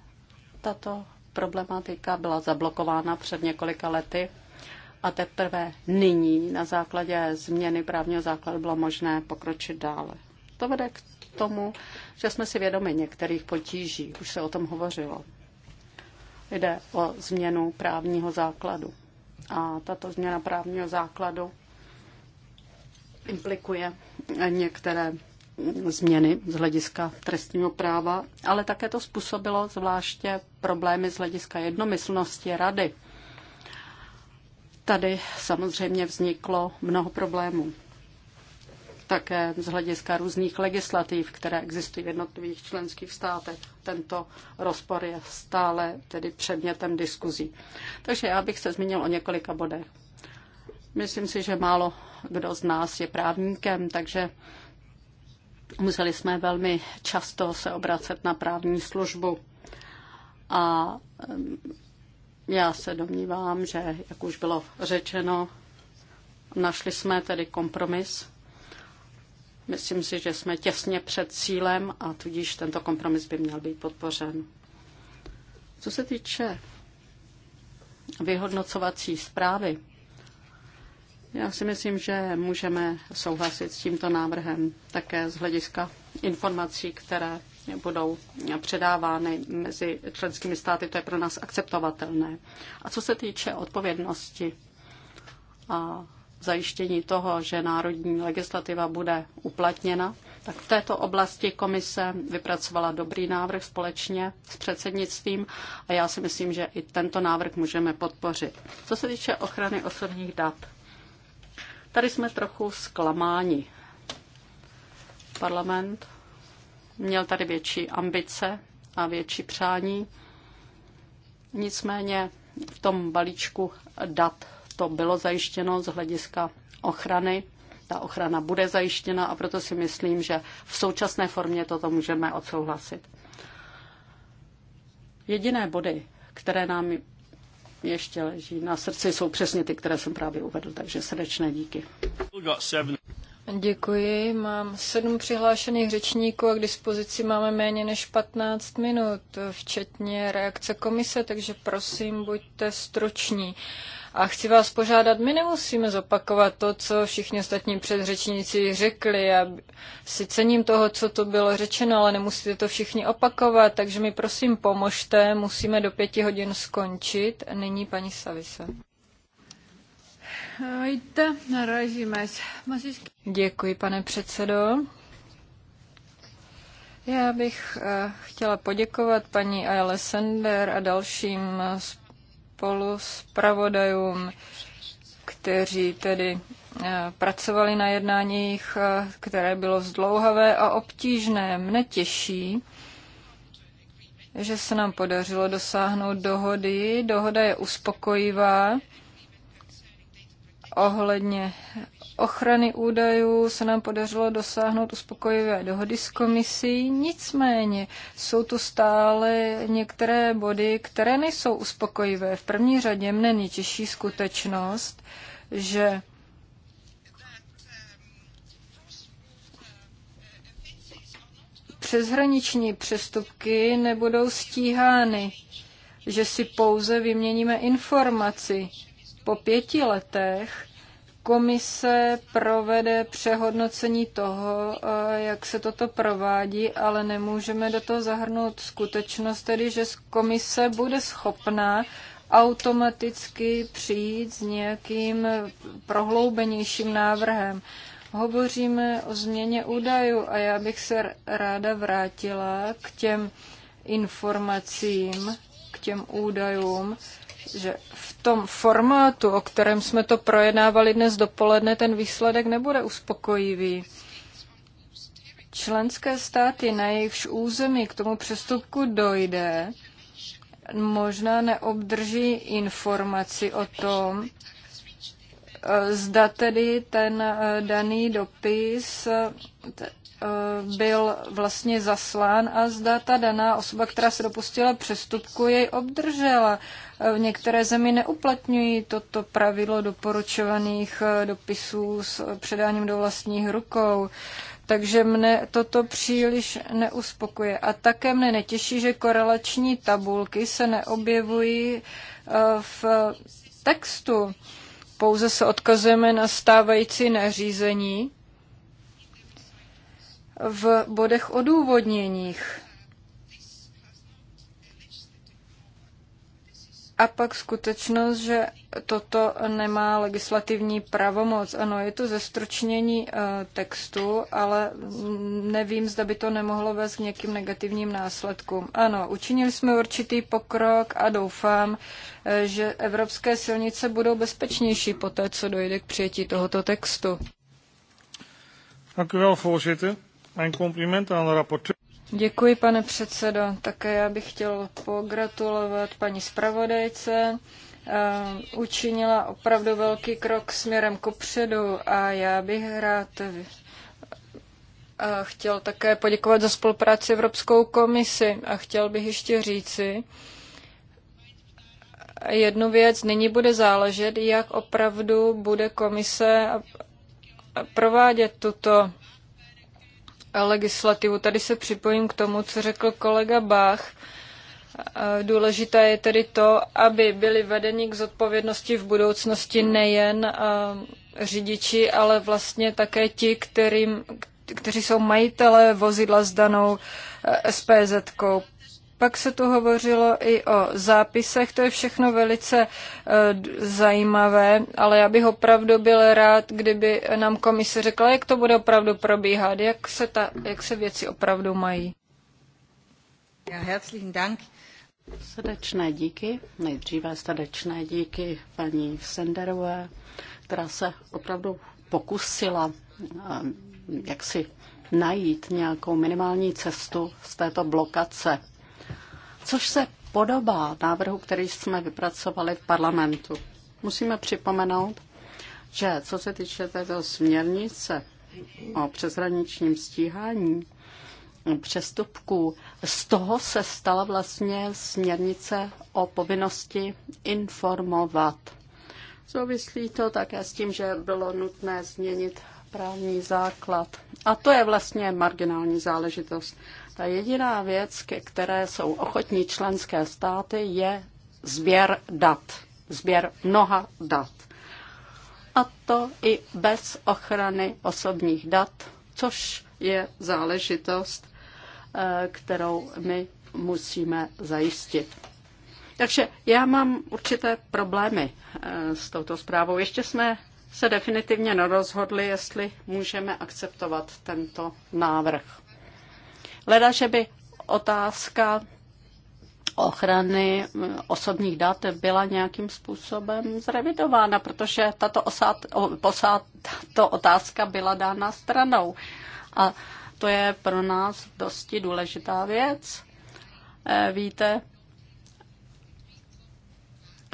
tato problematika byla zablokována před několika lety a teprve nyní na základě změny právního základu bylo možné pokročit dále. To vede k tomu, že jsme si vědomi některých potíží, už se o tom hovořilo. Jde o změnu právního základu. A tato změna právního základu implikuje některé změny z hlediska trestního práva, ale také to způsobilo zvláště problémy z hlediska jednomyslnosti rady. Tady samozřejmě vzniklo mnoho problémů také z hlediska různých legislativ, které existují v jednotlivých členských státech. Tento rozpor je stále tedy předmětem diskuzí. Takže já bych se zmínil o několika bodech. Myslím si, že málo kdo z nás je právníkem, takže museli jsme velmi často se obracet na právní službu. A um, já se domnívám, že, jak už bylo řečeno, našli jsme tedy kompromis Myslím si, že jsme těsně před cílem a tudíž tento kompromis by měl být podpořen. Co se týče vyhodnocovací zprávy, já si myslím, že můžeme souhlasit s tímto návrhem také z hlediska informací, které budou předávány mezi členskými státy. To je pro nás akceptovatelné. A co se týče odpovědnosti a zajištění toho, že národní legislativa bude uplatněna, tak v této oblasti komise vypracovala dobrý návrh společně s předsednictvím a já si myslím, že i tento návrh můžeme podpořit. Co se týče ochrany osobních dat, tady jsme trochu zklamáni. Parlament měl tady větší ambice a větší přání. Nicméně v tom balíčku dat to bylo zajištěno z hlediska ochrany. Ta ochrana bude zajištěna a proto si myslím, že v současné formě toto můžeme odsouhlasit. Jediné body, které nám ještě leží na srdci, jsou přesně ty, které jsem právě uvedl, takže srdečné díky. Děkuji. Mám sedm přihlášených řečníků a k dispozici máme méně než 15 minut, včetně reakce komise, takže prosím, buďte struční. A chci vás požádat, my nemusíme zopakovat to, co všichni ostatní předřečníci řekli. Já si cením toho, co to bylo řečeno, ale nemusíte to všichni opakovat, takže mi prosím pomožte, musíme do pěti hodin skončit. Nyní paní Savisa. Děkuji, pane předsedo. Já bych eh, chtěla poděkovat paní Ayala Sender a dalším spolu s pravodajům, kteří tedy eh, pracovali na jednáních, eh, které bylo zdlouhavé a obtížné. Mne těší, že se nám podařilo dosáhnout dohody. Dohoda je uspokojivá ohledně ochrany údajů se nám podařilo dosáhnout uspokojivé dohody s komisí, nicméně jsou tu stále některé body, které nejsou uspokojivé. V první řadě mne nejtěžší skutečnost, že přeshraniční přestupky nebudou stíhány, že si pouze vyměníme informaci. Po pěti letech Komise provede přehodnocení toho, eh, jak se toto provádí, ale nemůžeme do toho zahrnout skutečnost, tedy že komise bude schopná automaticky přijít s nějakým prohloubenějším návrhem. Hovoříme o změně údajů a já bych se ráda vrátila k těm informacím, k těm údajům, že v tom formátu, o kterém jsme to projednávali dnes dopoledne, ten výsledek nebude uspokojivý. Členské státy, na jejichž území k tomu přestupku dojde, možná neobdrží informaci o tom, eh, zda tedy ten eh, daný dopis eh, Eh, byl vlastně zaslán a zda ta daná osoba, která se dopustila přestupku, jej obdržela. Eh, v některé zemi neuplatňují toto pravidlo doporučovaných eh, dopisů s předáním do vlastních rukou. Takže mne toto příliš neuspokuje. A také mne netěší, že korelační tabulky se neobjevují v textu. Pouze se odkazujeme na stávající nařízení, v bodech odůvodněních. A pak skutečnost, že toto nemá legislativní pravomoc. Ano, je to zestročnění eh, textu, ale nevím, zda by to nemohlo vést k nějakým negativním následkům. Ano, učinili jsme určitý pokrok a doufám, eh, že evropské silnice budou bezpečnější po té, co dojde k přijetí tohoto textu. Dank u wel, voorzitter. Děkuji, pane předsedo. Také já bych chtěl pogratulovat paní zpravodajce. Eh, učinila opravdu velký krok směrem kopředu a já bych rád eh, chtěl také poděkovat za spolupráci Evropskou komisi a chtěl bych ještě říci, jednu věc, nyní bude záležet, jak opravdu bude komise provádět tuto legislativu. Tady se připojím k tomu, co řekl kolega Bach. Důležité je tedy to, aby byli vedeni k zodpovědnosti v budoucnosti nejen řidiči, ale vlastně také ti, kterým, kteří jsou majitelé vozidla s danou e, SPZ. Pak se tu hovořilo i o zápisech, to je všechno velice eh, zajímavé, ale já bych opravdu byl rád, kdyby nám komise řekla, jak to bude opravdu probíhat, jak se, ta, jak se věci opravdu mají. Ja, herzlichen Dank. Srdečné díky, nejdříve srdečné díky paní Senderové, která se opravdu pokusila eh, jak si najít nějakou minimální cestu z této blokace což se podobá návrhu, který jsme vypracovali v parlamentu. Musíme připomenout, že co se týče této směrnice o přeshraničním stíhání přestupků, z toho se stala vlastně směrnice o povinnosti informovat. Souvislí to také s tím, že bylo nutné změnit právní základ. A to je vlastně marginální záležitost. Ta jediná věc, ke které jsou ochotní členské státy, je sběr dat, sběr mnoha dat. A to i bez ochrany osobních dat, což je záležitost, eh, kterou my musíme zajistit. Takže já mám určité problémy eh, s touto zprávou. Ještě jsme se definitivně nerozhodli, jestli můžeme akceptovat tento návrh. Leda, že by otázka ochrany mm, osobních dat byla nějakým způsobem zrevidována, protože tato, osát, posát, tato otázka byla dána stranou. A to je pro nás dosti důležitá věc. Eh, víte,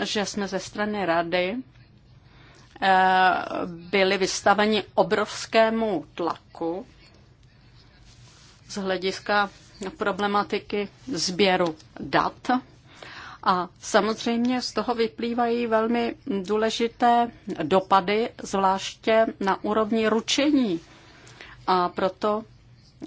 že jsme ze strany rady eh, byli vystaveni obrovskému tlaku z hlediska problematiky sběru dat. A samozřejmě z toho vyplývají velmi důležité dopady, zvláště na úrovni ručení. A proto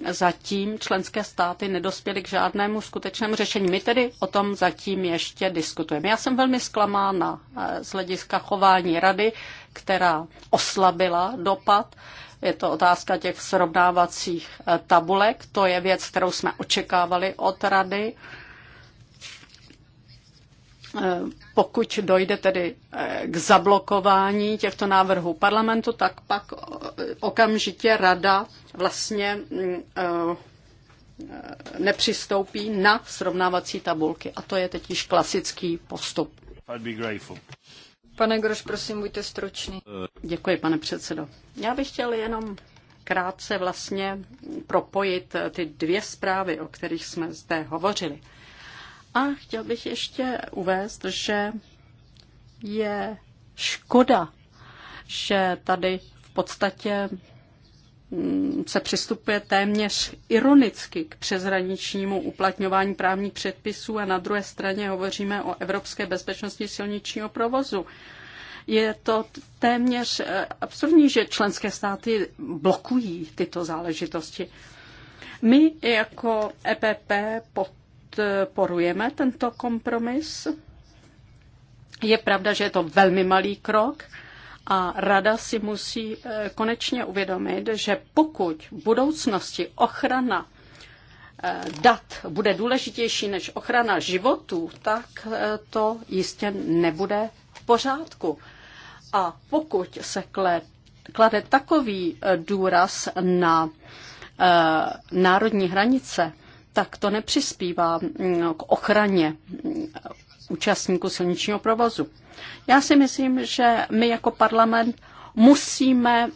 zatím členské státy nedospěly k žádnému skutečnému řešení. My tedy o tom zatím ještě diskutujeme. Já jsem velmi zklamána eh, z hlediska chování rady, která oslabila dopad je to otázka těch srovnávacích eh, tabulek. To je věc, kterou jsme očekávali od rady. Eh, pokud dojde tedy eh, k zablokování těchto návrhů parlamentu, tak pak okamžitě rada vlastně mm, nepřistoupí na srovnávací tabulky. A to je teď již klasický postup. Pane Groš, prosím, buďte stručný. Děkuji, pane předsedo. Já bych chtěl jenom krátce vlastně propojit eh, ty dvě zprávy, o kterých jsme zde hovořili. A chtěl bych ještě uvést, že je škoda, že tady v podstatě Mm, se přistupuje téměř ironicky k přezraničnímu uplatňování právních předpisů a na druhé straně hovoříme o evropské bezpečnosti silničního provozu. Je to téměř eh, absurdní, že členské státy blokují tyto záležitosti. My jako EPP podporujeme tento kompromis. Je pravda, že je to velmi malý krok, a rada si musí eh, konečně uvědomit, že pokud v budoucnosti ochrana eh, dat bude důležitější než ochrana životů, tak eh, to jistě nebude v pořádku. A pokud se klade takový důraz na národní hranice, tak to nepřispívá mm, k ochraně účastníků silničního provozu. Já si myslím, že my jako parlament musíme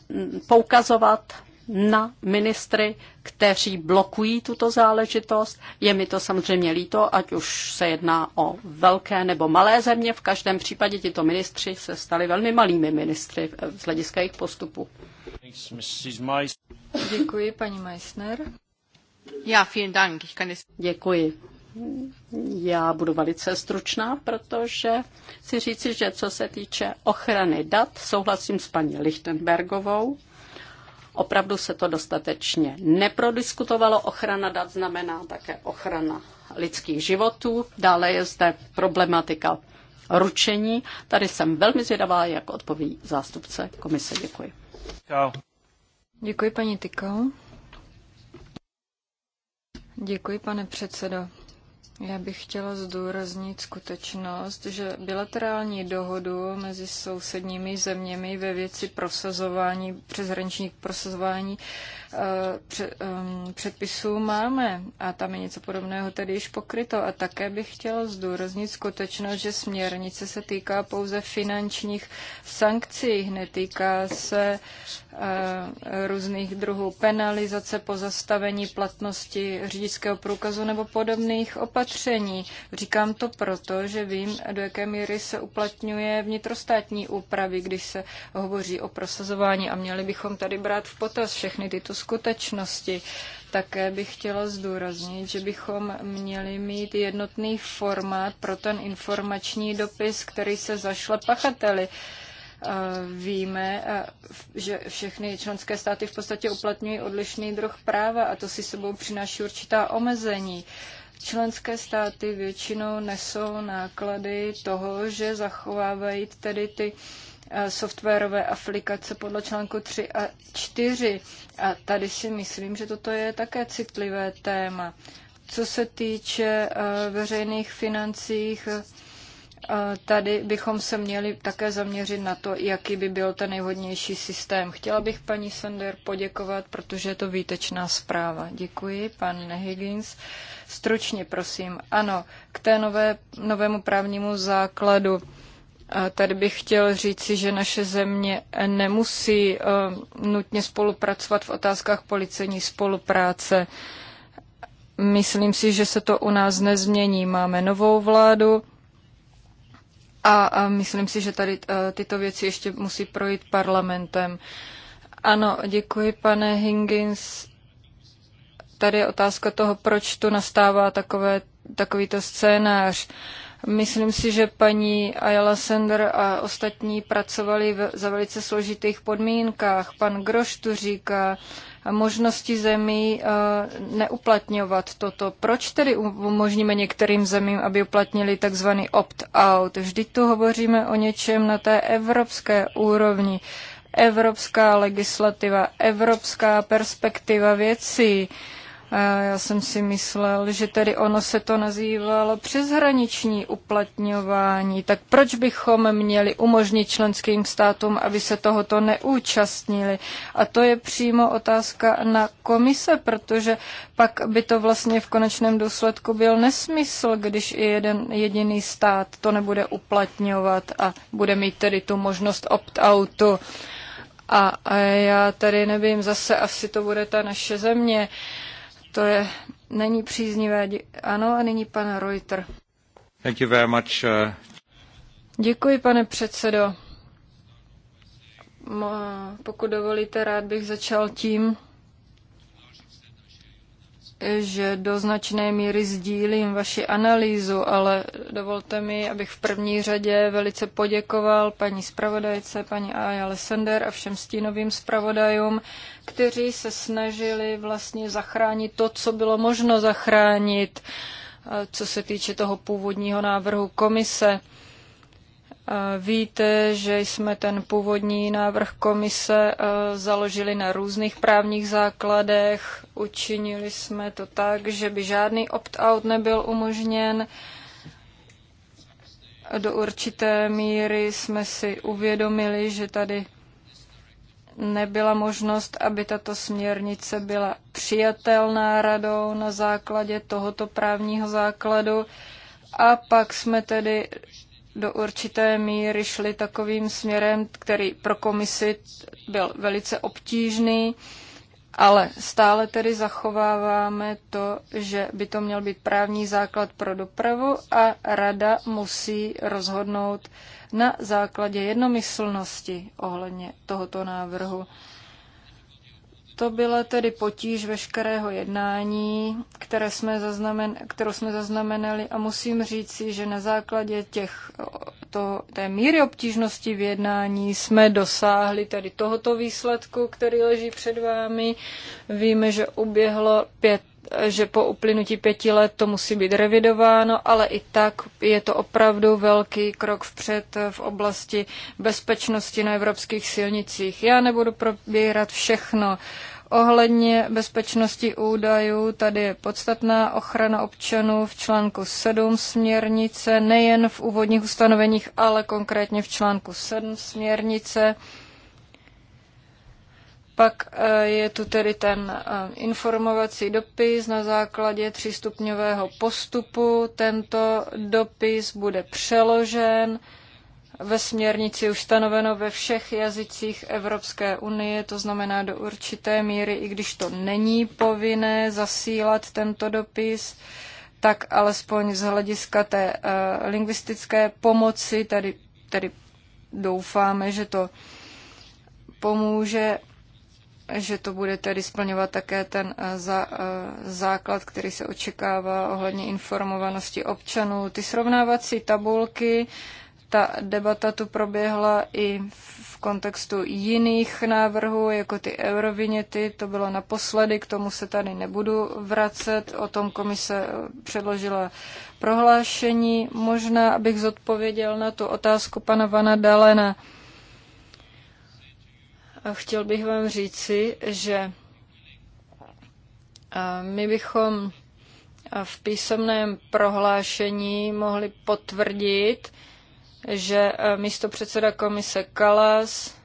poukazovat na ministry, kteří blokují tuto záležitost. Je mi to samozřejmě líto, ať už se jedná o velké nebo malé země. V každém případě tyto ministři se stali velmi malými ministry z hlediska jejich postupu. Děkuji, paní Meissner. Ja, vielen Dank. Děkuji. Já budu velice stručná, protože chci říci, že co se týče ochrany dat, souhlasím s paní Lichtenbergovou. Opravdu se to dostatečně neprodiskutovalo. Ochrana dat znamená také ochrana lidských životů. Dále je zde problematika ručení. Tady jsem velmi zvědavá, jak odpoví zástupce komise. Děkuji. Čau. Děkuji, paní Tyko. Děkuji, pane předsedo. Já bych chtěla zdůraznit skutečnost, že bilaterální dohodu mezi sousedními zeměmi ve věci prosazování, přeshraničních prosazování předpisů máme a tam je něco podobného tedy již pokryto. A také bych chtěla zdůraznit skutečnost, že směrnice se týká pouze finančních sankcí, netýká se eh, různých druhů penalizace, pozastavení platnosti řidičského průkazu nebo podobných opatření. Říkám to proto, že vím, do jaké míry se uplatňuje vnitrostátní úpravy, když se hovoří o prosazování a měli bychom tady brát v potaz všechny tyto skutečnosti. Také bych chtěla zdůraznit, že bychom měli mít jednotný formát pro ten informační dopis, který se zašle pachateli víme, že všechny členské státy v podstatě uplatňují odlišný druh práva a to si sebou přináší určitá omezení. Členské státy většinou nesou náklady toho, že zachovávají tedy ty uh, Eh, softwarové aplikace podle článku 3 a 4. A tady si myslím, že toto je také citlivé téma. Co se týče eh, veřejných financích, eh, tady bychom se měli také zaměřit na to, jaký by byl ten nejhodnější systém. Chtěla bych paní Sender poděkovat, protože je to výtečná zpráva. Děkuji, pan Higgins. Stručně, prosím. Ano, k té nové, novému právnímu základu. Tady bych chtěl říci, že naše země nemusí eh, nutně spolupracovat v otázkách policejní spolupráce. Myslím si, že se to u nás nezmění. Máme novou vládu a myslím si, že tady eh, tyto věci ještě musí projít parlamentem. Ano, děkuji, pane Higgins. Tady je otázka toho, proč tu nastává takové, takovýto scénář. Uh, Myslím si, že paní Ayala Sender a ostatní pracovali v, za velice složitých podmínkách. Pan Groš tu říká, možnosti zemí eh, neuplatňovat toto. Proč tedy umožníme některým zemím, aby uplatnili takzvaný opt-out? Vždyť tu hovoříme o něčem na té evropské úrovni. Evropská legislativa, evropská perspektiva věcí. Já jsem si myslel, že tedy ono se to nazývalo přeshraniční uplatňování. Tak proč bychom měli umožnit členským státům, aby se tohoto neúčastnili? A to je přímo otázka na komise, protože pak by to vlastně v konečném důsledku byl nesmysl, když i jeden jediný stát to nebude uplatňovat a bude mít tedy tu možnost opt-outu. A, a já tady nevím, zase asi to bude ta naše země. Uh, to je, není příznivé. Ano, a nyní pan Reuter. Thank you very much. Uh, Děkuji, pane předsedo. Pokud dovolíte, rád bych začal tím, že do značné míry sdílím vaši analýzu, ale dovolte mi, abych v první řadě velice poděkoval paní zpravodajce, paní Aja Lesender a všem stínovým zpravodajům, kteří se snažili vlastně zachránit to, co bylo možno zachránit, eh, co se týče toho původního návrhu komise. Víte, že jsme ten původní návrh komise e, založili na různých právních základech. Učinili jsme to tak, že by žádný opt-out nebyl umožněn. Do určité míry jsme si uvědomili, že tady nebyla možnost, aby tato směrnice byla přijatelná radou na základě tohoto právního základu. A pak jsme tedy do určité míry šli takovým směrem, který pro komisi byl velice obtížný, ale stále tedy zachováváme to, že by to měl být právní základ pro dopravu a rada musí rozhodnout na základě jednomyslnosti ohledně tohoto návrhu. To byla tedy potíž veškerého jednání, které jsme zaznamen, kterou jsme zaznamenali a musím říci, že na základě těch, to, té míry obtížnosti v jednání jsme dosáhli tedy tohoto výsledku, který leží před vámi. Víme, že uběhlo pět že po uplynutí pěti let to musí být revidováno, ale i tak je to opravdu velký krok vpřed v oblasti bezpečnosti na evropských silnicích. Já nebudu probírat všechno, Ohledně bezpečnosti údajů tady je podstatná ochrana občanů v článku 7 směrnice, nejen v úvodních ustanoveních, ale konkrétně v článku 7 směrnice. Pak eh, je tu tedy ten eh, informovací dopis na základě třístupňového postupu. Tento dopis bude přeložen ve směrnici už stanoveno ve všech jazycích Evropské unie, to znamená do určité míry, i když to není povinné zasílat tento dopis, tak alespoň z hlediska té uh, lingvistické pomoci, tady, tady doufáme, že to pomůže, že to bude tedy splňovat také ten uh, za, uh, základ, který se očekává ohledně informovanosti občanů. Ty srovnávací tabulky uh, ta debata tu proběhla i v kontextu jiných návrhů, jako ty eurovinety, to bylo naposledy, k tomu se tady nebudu vracet, o tom komise předložila prohlášení. Možná, abych zodpověděl na tu otázku pana Vana Dalena. A chtěl bych vám říci, že my bychom v písemném prohlášení mohli potvrdit, že eh, místo předseda komise Kalas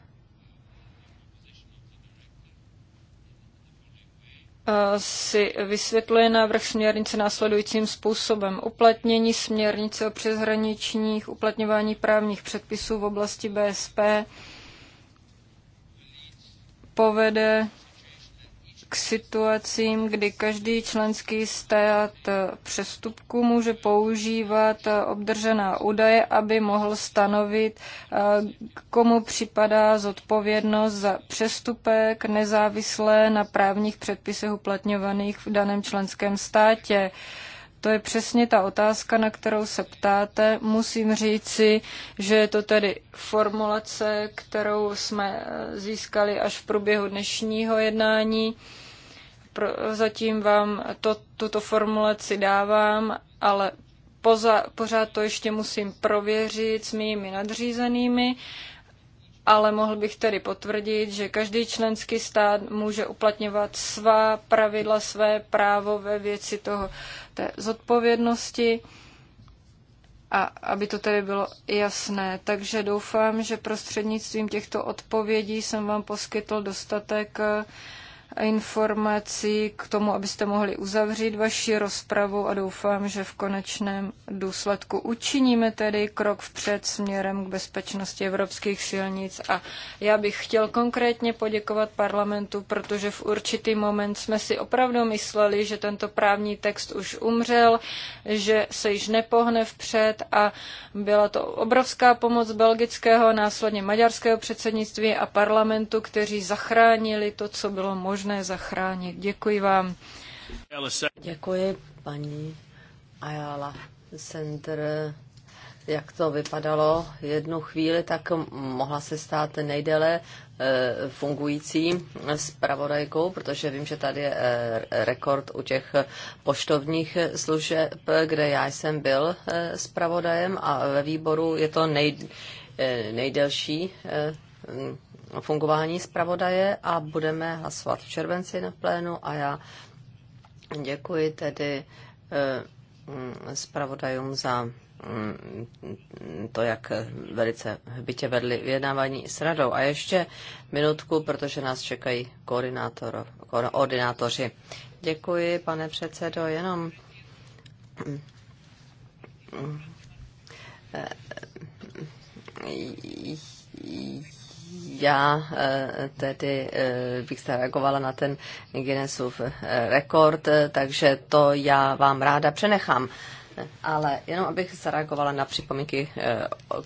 eh, si vysvětluje návrh směrnice následujícím způsobem. Uplatnění směrnice o přeshraničních uplatňování právních předpisů v oblasti BSP povede k situacím, kdy každý členský stát přestupku může používat obdržená údaje, aby mohl stanovit, komu připadá zodpovědnost za přestupek nezávislé na právních předpisech uplatňovaných v daném členském státě. To je přesně ta otázka, na kterou se ptáte. Musím říci, že je to tedy formulace, kterou jsme eh, získali až v průběhu dnešního jednání. Pro, zatím vám to, tuto formulaci dávám, ale poza, pořád to ještě musím prověřit s mými nadřízenými ale mohl bych tedy potvrdit, že každý členský stát může uplatňovat svá pravidla, své právo ve věci toho té zodpovědnosti a aby to tedy bylo jasné. Takže doufám, že prostřednictvím těchto odpovědí jsem vám poskytl dostatek eh, informací k tomu, abyste mohli uzavřít vaši rozpravu a doufám, že v konečném důsledku učiníme tedy krok vpřed směrem k bezpečnosti evropských silnic. A já bych chtěl konkrétně poděkovat parlamentu, protože v určitý moment jsme si opravdu mysleli, že tento právní text už umřel, že se již nepohne vpřed a byla to obrovská pomoc belgického, následně maďarského předsednictví a parlamentu, kteří zachránili to, co bylo možné možné zachránit. Děkuji vám. Děkuji, paní Ayala Center. Jak to vypadalo jednu chvíli, tak mohla se stát nejdéle eh, fungující zpravodajkou, protože vím, že tady je eh, rekord u těch poštovních služeb, kde já jsem byl eh, zpravodajem a ve výboru je to nej, nejdelší fungování zpravodaje a budeme hlasovat v červenci na plénu a já děkuji tedy eh, mm, zpravodajům za mm, to, jak velice bytě vedli vyjednávání s radou. A ještě minutku, protože nás čekají koordinátoři. Děkuji, pane předsedo, jenom eh, eh, já eh, tedy eh, bych zareagovala na ten Guinnessův eh, rekord, takže to já vám ráda přenechám. Ale jenom abych zareagovala na připomínky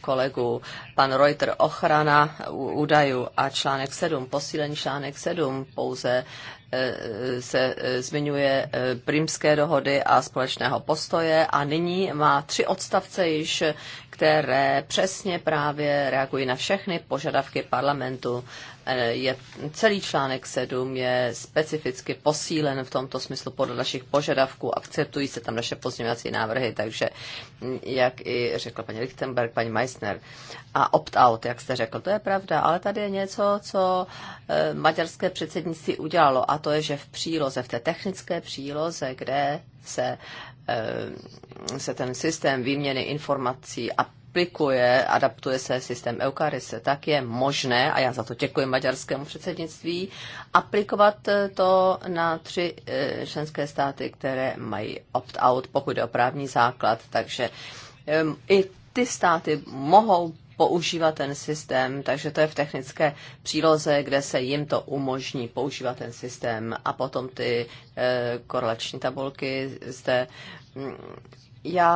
kolegů. Pan Reuter, ochrana údajů a článek 7, posílení článek 7, pouze Eh, se eh, zmiňuje eh, Primské dohody a společného postoje a nyní má tři odstavce již, které přesně právě reagují na všechny požadavky parlamentu. Je, celý článek 7 je specificky posílen v tomto smyslu podle našich požadavků, akceptují se tam naše pozměňovací návrhy, takže mm, jak i řekla paní Lichtenberg, paní Meissner. A opt-out, jak jste řekl, to je pravda, ale tady je něco, co maďarské předsednictví udělalo a to je, že v příloze, v té technické příloze, kde se, eh, se ten systém výměny informací a aplikuje, adaptuje se systém Eucharise, tak je možné, a já za to děkuji maďarskému předsednictví, aplikovat eh, to na tři eh, členské státy, které mají opt-out, pokud je o právní základ. Takže ehm, i ty státy mohou používat ten systém, takže to je v technické příloze, kde se jim to umožní používat ten systém a potom ty eh, korelační tabulky zde mm, já,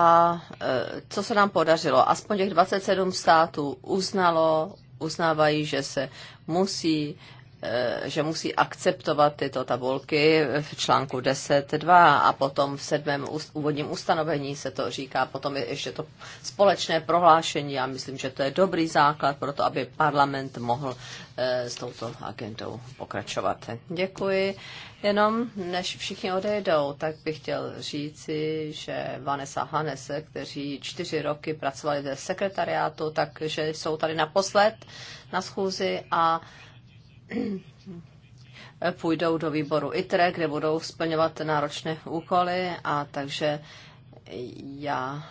eh, co se nám podařilo, aspoň těch 27 států uznalo, uznávají, že se musí Eh, že musí akceptovat tyto tabulky v článku 10.2 a potom v sedmém úvodním ustanovení se to říká, potom je ještě to společné prohlášení. a myslím, že to je dobrý základ pro to, aby parlament mohl eh, s touto agendou pokračovat. Děkuji. Jenom než všichni odejdou, tak bych chtěl říci, že Vanessa Hanese, kteří čtyři roky pracovali ve sekretariátu, takže jsou tady naposled na schůzi a půjdou do výboru ITRE, kde budou splňovat náročné úkoly a takže já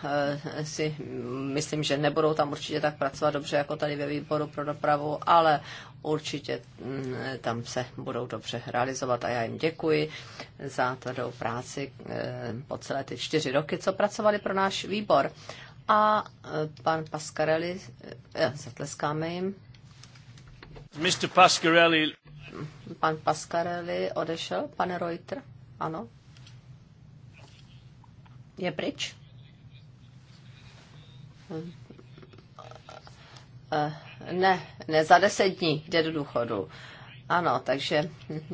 eh, si myslím, že nebudou tam určitě tak pracovat dobře jako tady ve výboru pro dopravu, ale určitě mm, tam se budou dobře realizovat a já jim děkuji za tvrdou práci eh, po celé ty čtyři roky, co pracovali pro náš výbor. A eh, pan Pascarelli, zatleskáme jim, Mr. Pascarelli. Pan Pascarelli odešel, pane Reuter, ano. Je pryč? Eh, ne, ne, za deset dní jde do důchodu. Ano, takže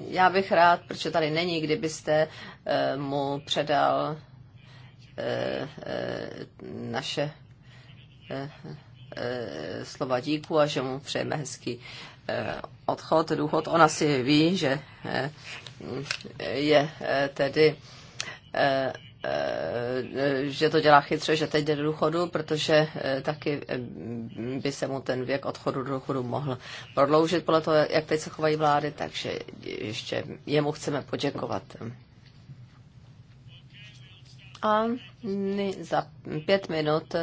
já bych rád, protože tady není, kdybyste eh, mu předal eh, naše slova díku a že mu přejeme hezký Eh, odchod, důchod, ona si ví, že eh, je eh, tedy že to dělá chytře, že teď jde do důchodu, protože taky by se mu ten věk odchodu do důchodu mohl prodloužit podle toho, jak teď se chovají vlády, takže ještě jemu chceme poděkovat. A my za pět minut,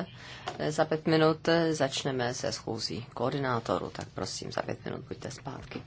za pět minut začneme se schůzí koordinátoru, tak prosím, za pět minut buďte zpátky.